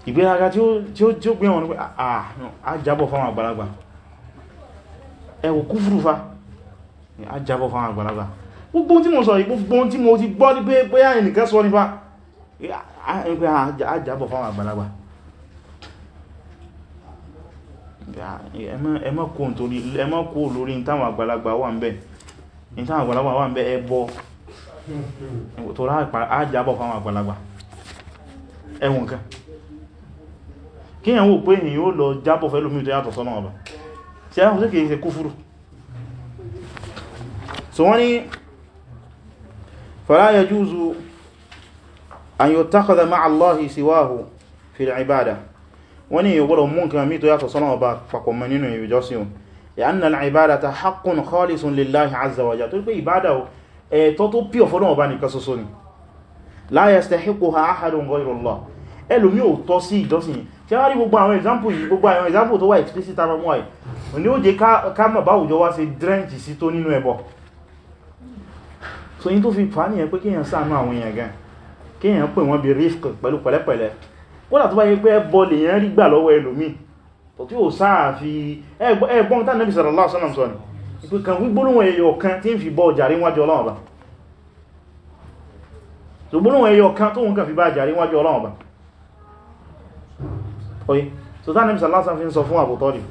S1: ìgbéraga tí ó gbẹ̀yàn wọnú pé àjábọ̀ ah, ah, fáwọn àgbàlagbà ẹwọ kúfùrúfa àjábọ̀ fáwọn àgbàlagbà gbogbo tí mo sọ gbogbo tí mo ti gbọ́ pé bóyá ajábọ̀ fáwọn àgbàlagbà ẹmọ́ lórí ìtàwọn àgbàlagbà wà ń bẹ ìtàwọn àgbàlagbà wà ń bẹ ẹbọ tó rá fáwọn àgbàlagbà ẹwọ̀n kan kí ẹ̀wọ̀n pé èyàn yóò lọ jábọ̀ fẹ́ an yuttakada ma'a Allahi siwahu fil ibada wọ́n ní ìyọ̀gbọ́dọ̀ mú nǹkan mí tó yàtọ̀ sọ́nà ọba papọ̀ mọ́ nínú ìjọsìn ya anna al-ibadata haqqun khalisun lillahi azza wa jalla tó pé ìbádà ẹ̀tọ́ tó pí ọ̀fọ́nà ọba nìkan ṣoṣo ni la yastahiqquha ahadun ghayru Allah ẹlòmí ò example example tó wà explicit tara mọ́ ẹ̀ ni ó jẹ ká mọ̀ báwùjọ wá ṣe drench sí tó nínú ẹbọ so yí kíyàn pè wọ́n bí rifq pẹ̀lú pẹ̀lẹ́pẹ̀lẹ́ kódà tó bá yẹ pé ẹbọ lè yàn rí gbà lọ́wọ́ ẹlòmí tí ó sáà fi ẹgbọ́n tán Nabi sallallahu alaihi wasallam sọ ni ìpé kan gbígbónúwọ̀n ẹyọ kan tí ń fi bọ́ jàrí wájú Ọlọ́run Ọba so gbónúwọ̀n ẹyọ kan tó ń kàn fi bá jàrí wájú Ọlọ́run Ọba oye so tán Nabi sallallahu alaihi wasallam fi ń sọ fún Abu Talib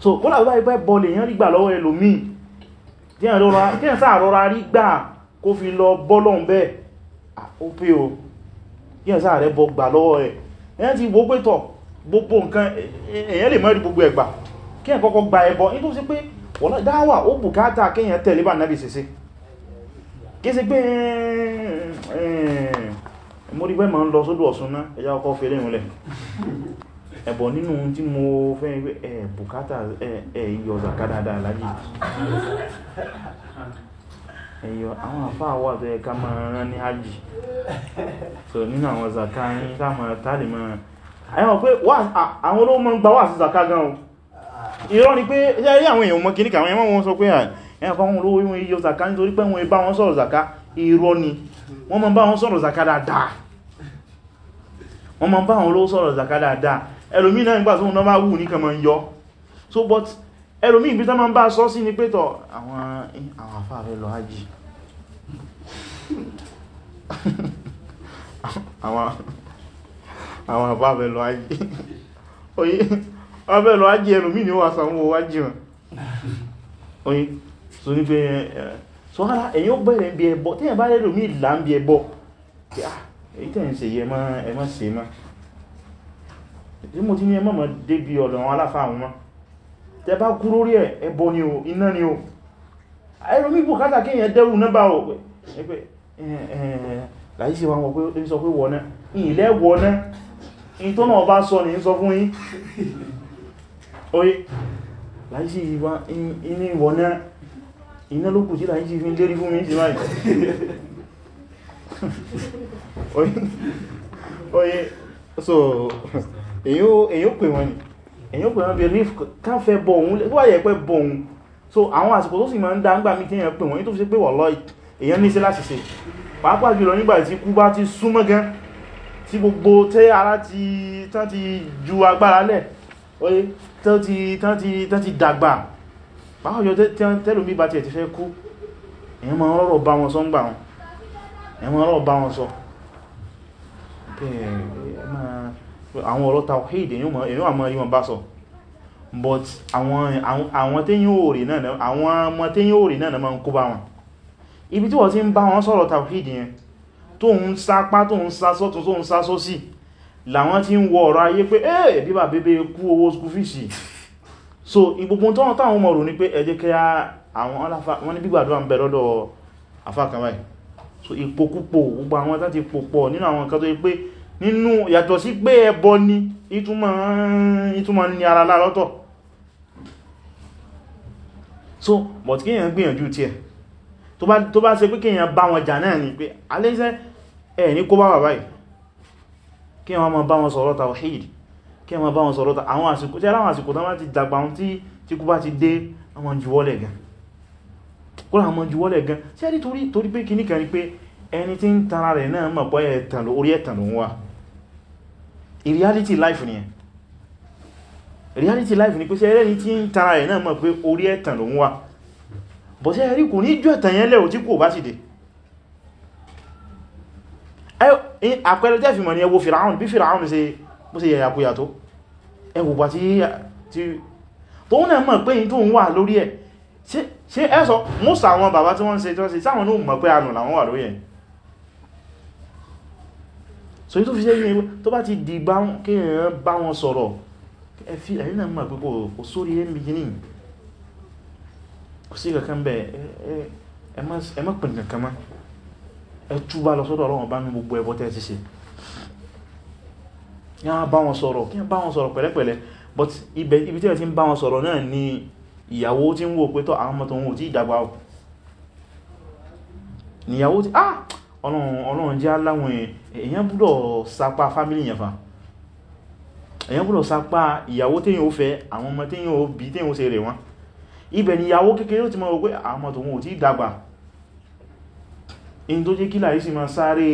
S1: so kódà tó bá yẹ pé ẹbọ lè yàn rí gbà lọ́wọ́ ẹlòmí kí ẹ̀ sáà rọra rí gbà kó fi lọ bọ́lọ̀ bẹ́ẹ̀ ó pé o yíò sáà rẹ bọ gbà lọ́wọ́ rẹ̀ ẹ̀yẹn ti wo pé tọ̀ gbogbo nǹkan èyàn lè mọ́rí gbogbo ẹ̀gbà kí ẹ̀ kọ́kọ́ gba ẹbọ ní tó sí pé wọ́lá dáwà ó bùkátà kíyàn tẹ̀lé bá nábi sèse kí sí pé mórí pé ma ń lọ sódò Ọ̀ṣun náà ẹjá ọkọ̀ fèrè ìrìnlẹ̀ ẹ̀yọ àwọn àfá wà tó yẹ ká máa rán ní hajji so nínú àwọn zaka ní táàmà tààdì máa àyẹ́wọ̀n pé àwọn olówó máa ń gba wà sí zaka gan o irọ́ ni pé ṣe rí àwọn èèyàn mọ́ kìníkà àwọn ẹmọ́ wọn sọ pé ẹ̀yàn fáwọn olówó ìwọ̀n iye zaka nítorí pé wọ́n bá wọn sọ̀rọ̀ zaka irọ́ ni wọ́n máa bá wọn sọ̀rọ̀ zaka dáadáa wọ́n máa bá wọn olówó sọ̀rọ̀ zaka dáadáa ẹlòmí náà nígbà tó ń náà bá wù ní kan máa ń yọ so but ẹlòmí ìbí tán ma ń bá sọ sí ni pé tọ̀ àwọn àfáà fẹ́ lọ hajji àwọn àfáà fẹ́ lọ hajji oye wọ́n fẹ́ lọ hajji ẹlòmí ni ó wà sanwó hajji wọn oye so ní pé so ara èyí ó bẹ̀rẹ̀ bí ẹbọ tí ẹ̀ bá rẹ̀ lòmí ìlà ń bí ẹbọ ah, èyí tẹ̀ ń se yẹ ẹmọ́ se mọ́ tẹ bá kú lórí ẹbọ ni o iná ni o ẹlòmí bùkátà kí èyàn dẹ́rù náà bá o pé láyé sí wọn pé sọ pé wọ́n náà ilẹ̀ wọ́n náà sọ ní sọ fún yín oye láyé sí iní wọ́n èyàn pè wọ́n bí rifq kán fẹ́ bọ̀ òun lè wáyẹ̀ pẹ́ bọ̀ òun so àwọn àsìkò tó sì máa ń dá ńgbà mí kéèyàn pè wọ́n yí tó fi ṣe pé wallahi èyàn ní sí láti ṣe pàápàá jùlọ nígbà tí kú bá ti súnmọ́ gan tí gbogbo tẹ́ ara ti tán ti ju agbára lẹ̀ oye tán ti tán ti tán ti dàgbà pàápàá jùlọ tẹ́lùmí bá tiẹ̀ ti fẹ́ kú èyàn máa rọ̀rọ̀ bá wọn sọ ń gbà wọn èyàn máa rọ̀rọ̀ bá wọn sọ bẹ́ẹ̀ àwọn ọ̀rọ̀ tawhid èyàn àmọ́ ìwọ̀n bá sọ but àwọn tẹ́yìn òòrì náà àwọn ọmọ tẹ́yìn òòrì náà ma ń kó bá wọn ibi tí wọ́n ti ń bá wọn sọ̀rọ̀ tawhid yẹn tó ń sápá tó ń sásọ́ tó ń sásọ́ sí làwọn ti ń wọ ọ̀rọ̀ ayé pé ẹ́ bíbà bébé kú owó school fees so ìgbogbo tọ́wọ́n táwọn ọmọ rò ní pé ẹjẹ́ kí àwọn aláfà wọ́n ní gbígbàdúrà ń bẹ lọ́dọ̀ afákan báyìí so ìpòkúpò gbogbo àwọn tàbí pòpọ̀ nínú àwọn kan tó yí pé nínú yàtọ̀ sí pé ẹbọ ní ìtumọ̀ ní ara lárọ́tọ̀ so but kíyàn gbìyànjú tí ẹ tó bá ṣe pé kíyàn bá wọn jà náà ni pé alẹ́sẹ́ ẹ̀ ní kó bá wà báyìí kíyàn ma bá wọn sọ̀rọ̀ tawhid kíyàn ma bá wọn sọ̀rọ̀ àwọn àsìkò tí aláwọn àsìkò tán bá ti dàgbà tí kú bá ti dé àwọn juwọ́lẹ̀ gan kó láwọn juwọ́lẹ̀ gan sí ẹ́ nítorí pé kíníkà ni pé ẹni tí ń tara rẹ̀ náà mọ̀ bọ́yẹ̀ ẹ̀tàn lórí ẹ̀tàn lòun wà reality life ni reality life ni pé ṣe ni tí ń tara ẹ̀ náà mọ̀ pé orí ẹ̀tàn ló ń wá bọ̀ ṣe ẹ̀rí kò ní jù ẹ̀tàn yẹn lẹ́wọ̀ tí kò bá sì dé àpẹẹrẹ tẹ́ fi mọ̀ ní ẹ wo Fìràún bí Fìràún ṣe bó ṣe yẹ̀yà kúyà tó ẹ wo bá tí tó ń náà mọ̀ pé yìí tó ń wà lórí ẹ̀ ṣe ẹ́ sọ bàbá tí wọ́n ń ṣe tí wọ́n ṣe sáwọn náà mọ̀ pé anù làwọn wà lórí so yí tó fi ṣe yí tó bá ti di kéèyàn bá wọn sọ̀rọ̀ ẹ̀fí ẹ̀yìn náà mọ̀ pípò kò sórí ẹ̀ mìíní kò sí kankan bẹ̀ ẹ má pín kankan má ẹ túbá lọ sọ́dọ̀ Ọlọ́run bá ní gbogbo ẹbọ tẹ́ ti ṣe yá bá wọn sọ̀rọ̀ but ibi tí ẹ ti ń bá ni ìyàwó tí ń wò pé tọ́ àwọn ọmọ tó ń tí ìdàgbà ọ̀ níyàwó tí ah ọlọ́run jẹ́ aláwọn èyàn búrọ̀ sapá fámílì yẹn fa èyàn búrọ̀ sapá ìyàwó téyàn ó fẹ́ àwọn ọmọ téyàn ó bí téyàn ó ṣe rẹ̀ wọ́n ibẹ̀ ni ìyàwó kékeré ó ti mọ̀ pé àmọ́ tòun ò tí dàgbà in tó jẹ́ kílà yìí sì sáré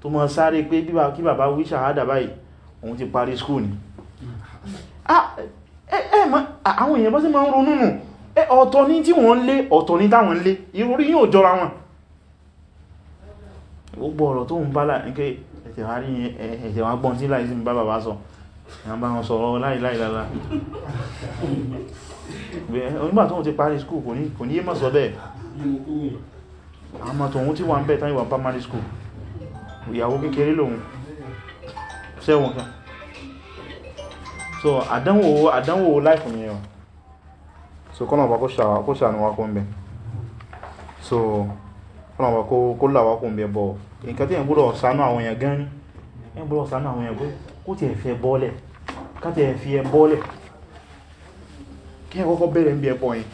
S1: tó máa sáré pé kí bàbá wí ṣàhádà báyìí òun ti parí skúl ni àwọn èèyàn bá sì máa ń ronú nù ọ̀tọ̀ ni tí wọ́n lé ọ̀tọ̀ ni táwọn lé ìrorí yóò jọra wọn gbogbo ọ̀rọ̀ tó ń bá láìké ẹ̀tẹ̀ wá gbọ́n tí láìsí bá bàbá sọ ìyàn bá wọn sọ̀rọ̀ láìláìlára onígbà tó ń ti parí skúl kò ní yé mọ́ sọ bẹ́ẹ̀ àmọ́ tòun tí wà ń bẹ̀ tán ìwà primary school ìyàwó kékeré lòun sẹ́wọ̀n kan so àdánwò àdánwò life mi yàn so kọ́nà ọ̀pá kó ṣàánú wa kó ń bẹ̀ so fọ́nàwà kó láwá kó ń bẹ bọ́ nǹkan tí ẹ̀gbọ́dọ̀ sánú àwọn èèyàn gan ní ẹ̀gbọ́dọ̀ sánú àwọn èèyàn kó ti ẹ̀fẹ́ bọ́ọ̀lẹ̀ káti ẹ̀fẹ́ ẹ bọ́ọ̀lẹ̀ kí ẹ kọ́kọ́ bẹ̀rẹ̀ ń bẹ bọ́ yẹn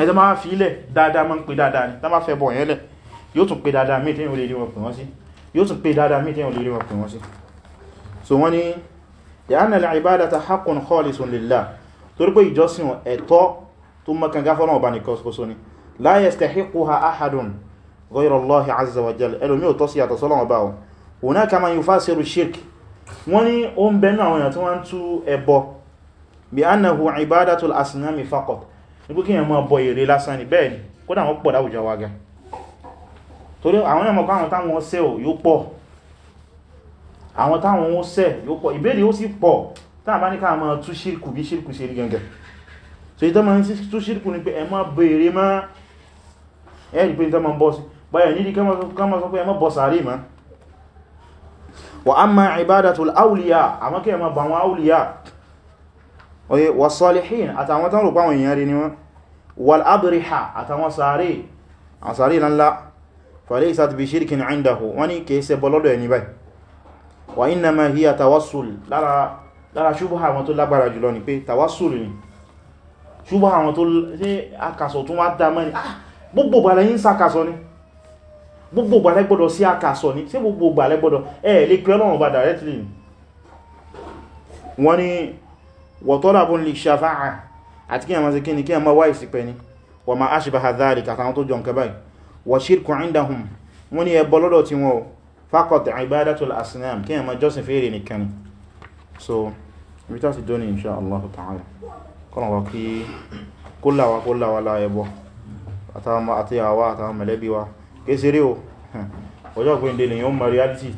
S1: ẹjọ́ máa fi ilẹ̀ dáadáa máa ń pè dáadáa ní tá máa fẹ́ bọ̀ yẹn lẹ̀ yóò tún pè dáadáa mí tẹ́yìn olè rí wọn pè wọ́n sí yóò tún pè dáadáa mí tẹ́yìn olè wọn pè wọ́n sí so wọ́n ni yàánà al-ibadata haqqun khalisun lillah torí pé ìjọsìn ẹ̀tọ́ tó mọ́kànlá fọ́nà ọba ni la yastahiquha ahadun ghayra Allahi azza wa jalla ẹlòmí ò tọ́ sí yàtọ̀ sọ́lọ́wọ́ bá o hunaka man yufasiru shirk wọ́n ní ó ń bẹ̀nú àwọn èèyàn tí wọ́n ń tú ẹbọ bí annahu ibadatul asnami faqat nígbó kí ẹmọ ọbọ̀ èrè lásán ni bẹ́ẹ̀ ni kódà wọ́n pọ̀ láwùjọ wa gan torí àwọn ẹmọ káwọn táwọn sẹ́ ò yóò pọ̀ àwọn táwọn ó sẹ́ yóò pọ̀ ní pé ẹmọ bèèrè máa ẹ̀rì pé tó ma bọ́ sí báyẹ̀ nídi kama sọ pé ẹmọ́ bọ́ sàárì ma wa amma ibadatul awliya àmọ́ kí ẹmọ́ bá wọn awliya oye wa salihin àtàwọn tán rùpa wọn èèyàn rí ni wọn wal abriha àtàwọn sàárì àwọn sàárì lánlá falaysat bi shirkin indahu wọ́n ni kìí ṣe bọ́lọ́dọ̀ ẹni báyìí wa innama hiya tawassul àwọn tó lágbára jùlọ tún wá dámọ́ ni ah gbogbo gbàlẹ̀ yí ń sákàsọ ní gbogbo gbàlẹ̀ gbọ́dọ̀ sí àkàsọ ní tí gbogbo gbàlẹ̀ gbọ́dọ̀ ẹ̀ lè pẹ́ lọ́wọ́n bá directly wọ́n ni wọ̀tọ́lábùn lè ṣàfáà àti kí a máa ṣe kí ni kí a máa wá ìsìpẹ̀ ni wà máa ni wọ́n faqat ibadatul asnam kí a máa so rita si doni insha Allah ta'ala kọ́nà wà kí kó láwà àtàwọn àti àwa àtàwọn mẹ̀lẹ́bí wa kéṣeré o ọjọ́ ìpínlẹ̀ lè yíò mọ̀ reality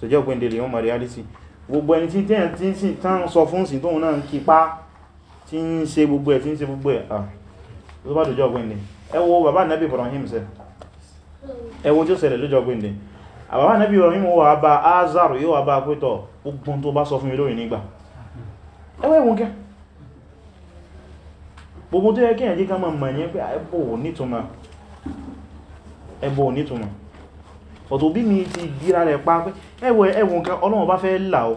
S1: sọjọ́ ìpínlẹ̀ lè yíò mọ̀ reality gbogbo ẹni tí tẹ́yàn tí ń sì tán sọ fún sí tóun náà ń kípa tí ń ṣe gbogbo ẹ̀ tí ń ṣe gbogbo ẹ̀ à ló bá dójọ́ ìpínlẹ̀ ẹ wo bàbá nẹ́bí Ibrahim sẹ ẹ wo tí ó ṣẹlẹ̀ lójọ́ Azar yóò wà bá pẹ́tọ̀ gbogbo tó bá sọ fún mi lórí nígbà ẹwẹ́ ìwọ̀n kẹ́ gbogbo tó yẹ kí ẹ̀jẹ́ kan mọ̀ ní pé ẹbọ nítùmọ̀ ọ̀tọ̀ bí mi ti dira rẹ̀ pa pé ẹwọ ẹwọ nǹkan Ọlọ́run bá fẹ́ là ọ́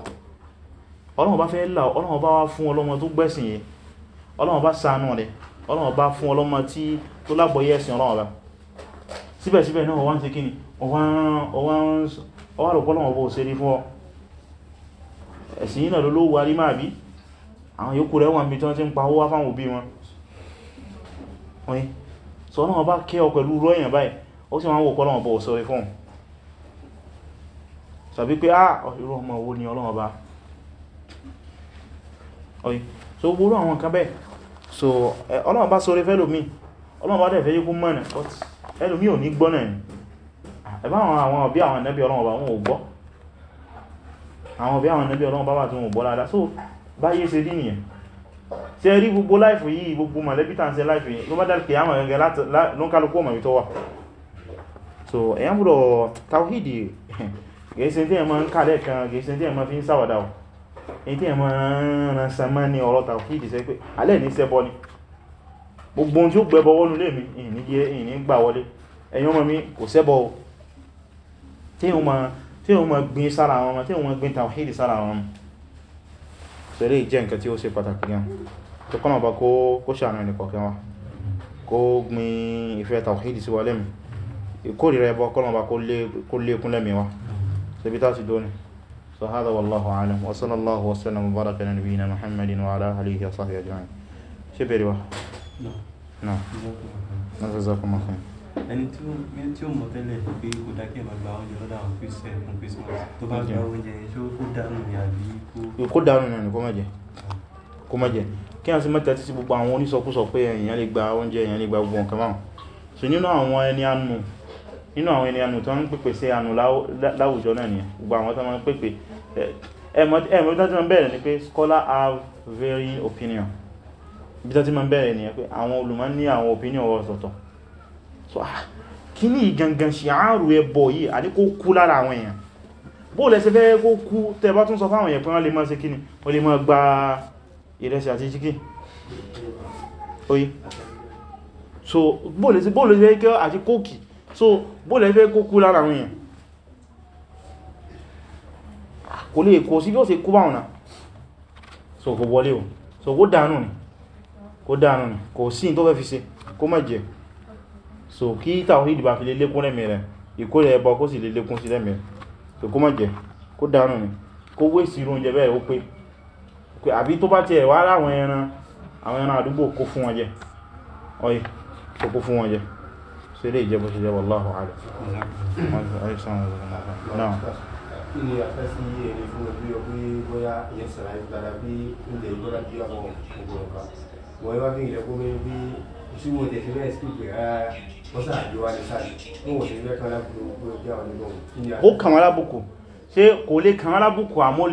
S1: bá fẹ́ là ọ́ bá wá fún ọlọ́mọ tó gbẹ̀sìn yẹ Ọlọ́run bá ṣàánú rẹ̀ àwọn yòókù rẹ̀ bí tí wọ́n ti ń pa owó wá fáwọn òbí wọn ọkùnrin so Ọlọ́run bá kẹ́ ọ pẹ̀lú rọ́yìn báyìí ó sì wọ́n wò pọ́ Ọlọ́run bọ̀ sọ́rẹ́ fún sàbí pé ah irú ọmọ owó ni Ọlọ́run bá ọ̀yí so gbúrú àwọn kan bẹ́ẹ̀ so Ọlọ́run bá sọ́rẹ́ fẹ́ lómi Ọlọ́run bá dẹ̀ se rí gbogbo láìfù yìí gbogbo mọ̀lẹ́bí tàn ṣe láìfù yìí ló bá dálkì àmà gẹ́gẹ́ ló ń kálùkù ọmọ ìtọ́ wà so èyàn búrọ̀ tawhidi gẹ̀ẹ́sẹ̀ tí ẹ̀mọ́ ń kàlẹ̀ kan gẹ̀ẹ́sẹ̀ tí ẹ̀mọ́ fi ń sáwàdà ọ̀ èyí tí ẹ̀mọ́ ń sàmá ní ọ̀rọ̀ tawhidi sẹ́ pé alẹ́ ní sẹ́bọ́ ni gbogbo tí ó gbẹ́bọ wọ́nú lé mi ìní gbà wọlé ẹ̀yin ọmọ mi kò sẹ́bọ tí ó ma gbin sára àwọn ọmọ tí ó ma gbin tawhidi so eléyìí jẹ́ nǹkan tí ó ṣe pàtàkì gan tó kọ́nà bá kó ṣàánú ẹni kọ̀ọ̀kan wa kó gbin ìfẹ́ tawhid sí wa lẹ́mì ìkórìíra ẹbọ kọ́nà bá kó lékún lẹ́mì wa so bí tásí dóní so hádà wallahu alam wa sallallahu wa ẹni tí ó mọ̀ tẹ́lẹ̀ pé kò dá kí ẹ máa gba oúnjẹ lọ́dọ̀ àwọn Christian fún Christmas tó bá gba oúnjẹ yẹn ṣó kó dànù ní àbí kó. kó dànù náà ni kó má jẹ kó má jẹ kí a sì mẹ́ta títí gbogbo àwọn onísọkúsọ pé èèyàn lè gba oúnjẹ èèyàn lè gba gbogbo nǹkan márùn so nínú àwọn ẹni ànú nínú àwọn ẹni ànú tó ń pèpè sí ànú láwùjọ náà nìyẹn gbogbo àwọn tó máa ń pèpè ẹ̀mọ̀ tó máa ń bẹ̀rẹ̀ ni pé scholar have varying opinion ibi tó ti máa bẹ̀rẹ̀ nìyẹn pé àwọn olùmọ̀ ní àwọn opinion ọ̀tọ̀ọ̀tọ̀ so ah kíní gangan ṣìárù ẹbọ yìí àní kó kú lára àwọn èèyàn bó lẹ́sẹ̀ fẹ́ kó kú tẹbá tún sọ fáwọn èèyàn pé lè máa ṣe kíní wọ́n lè máa gba ìrẹsì àti chicken oyi so bó lẹ́sẹ̀ bó àti kókì so bó lẹ́sẹ̀ fẹ́ kó kú lára àwọn èèyàn kò lè kó so kí tàwíìdì bá fi lè lékún lẹ́mì rẹ̀ ìkórẹ̀ ẹbọ kó sì lè lékún sí lẹ́mì rẹ̀ so kó mọ̀ jẹ kó dánù ni kó wé sí irú oúnjẹ bẹ́ẹ̀ ó pé àbí tó bá ti ẹ̀wà láwọn ẹran àwọn ẹran àdúgbò kó fún wọn jẹ ọyẹ tó kó fún wọn jẹ so ilé sí èrè fún ojú Wọ́n yíwá bí ìrẹ́gbómi bí tí wọn lè fi bẹ́ẹ̀ sípè rárá wọ́n sàájú wá ní sáàdì wọ́n wọ́n lè kàn lábùkù ọjọ́ àwọn ẹgbẹ́ òun ó kàn wọ́n lábùkù ṣé kò lè kàn wọ́n lábùkù àmọ́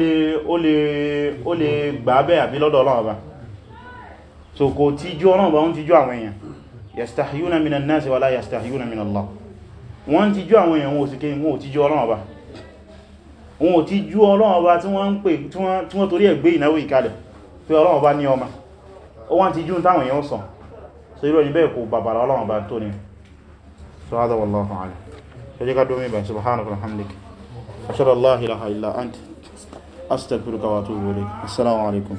S1: ó lè gbà bẹ́ẹ̀ àbí lọ́dọ̀ ọlọ́run ọba so kò tíjú ọlọ́run ọba ń tíjú àwọn èèyàn yastahiyuna minan nasi wala yastahiyuna minallah wọ́n ń tíjú àwọn èèyàn wọn ò sì kí wọn ò tíjú ọlọ́run ọba wọn ò tíjú ọlọ́run ọba tí wọ́n ń pè tí wọ́n wọ́n tíjú táwọn èèyàn sàn so irú ẹni bẹ́ẹ̀ kò bàbàrà ọlọ́run bá tó ní so hádà wallahu a'lam ṣe jẹ́ ká dómi bá subhanaka alhamdik ashhadu an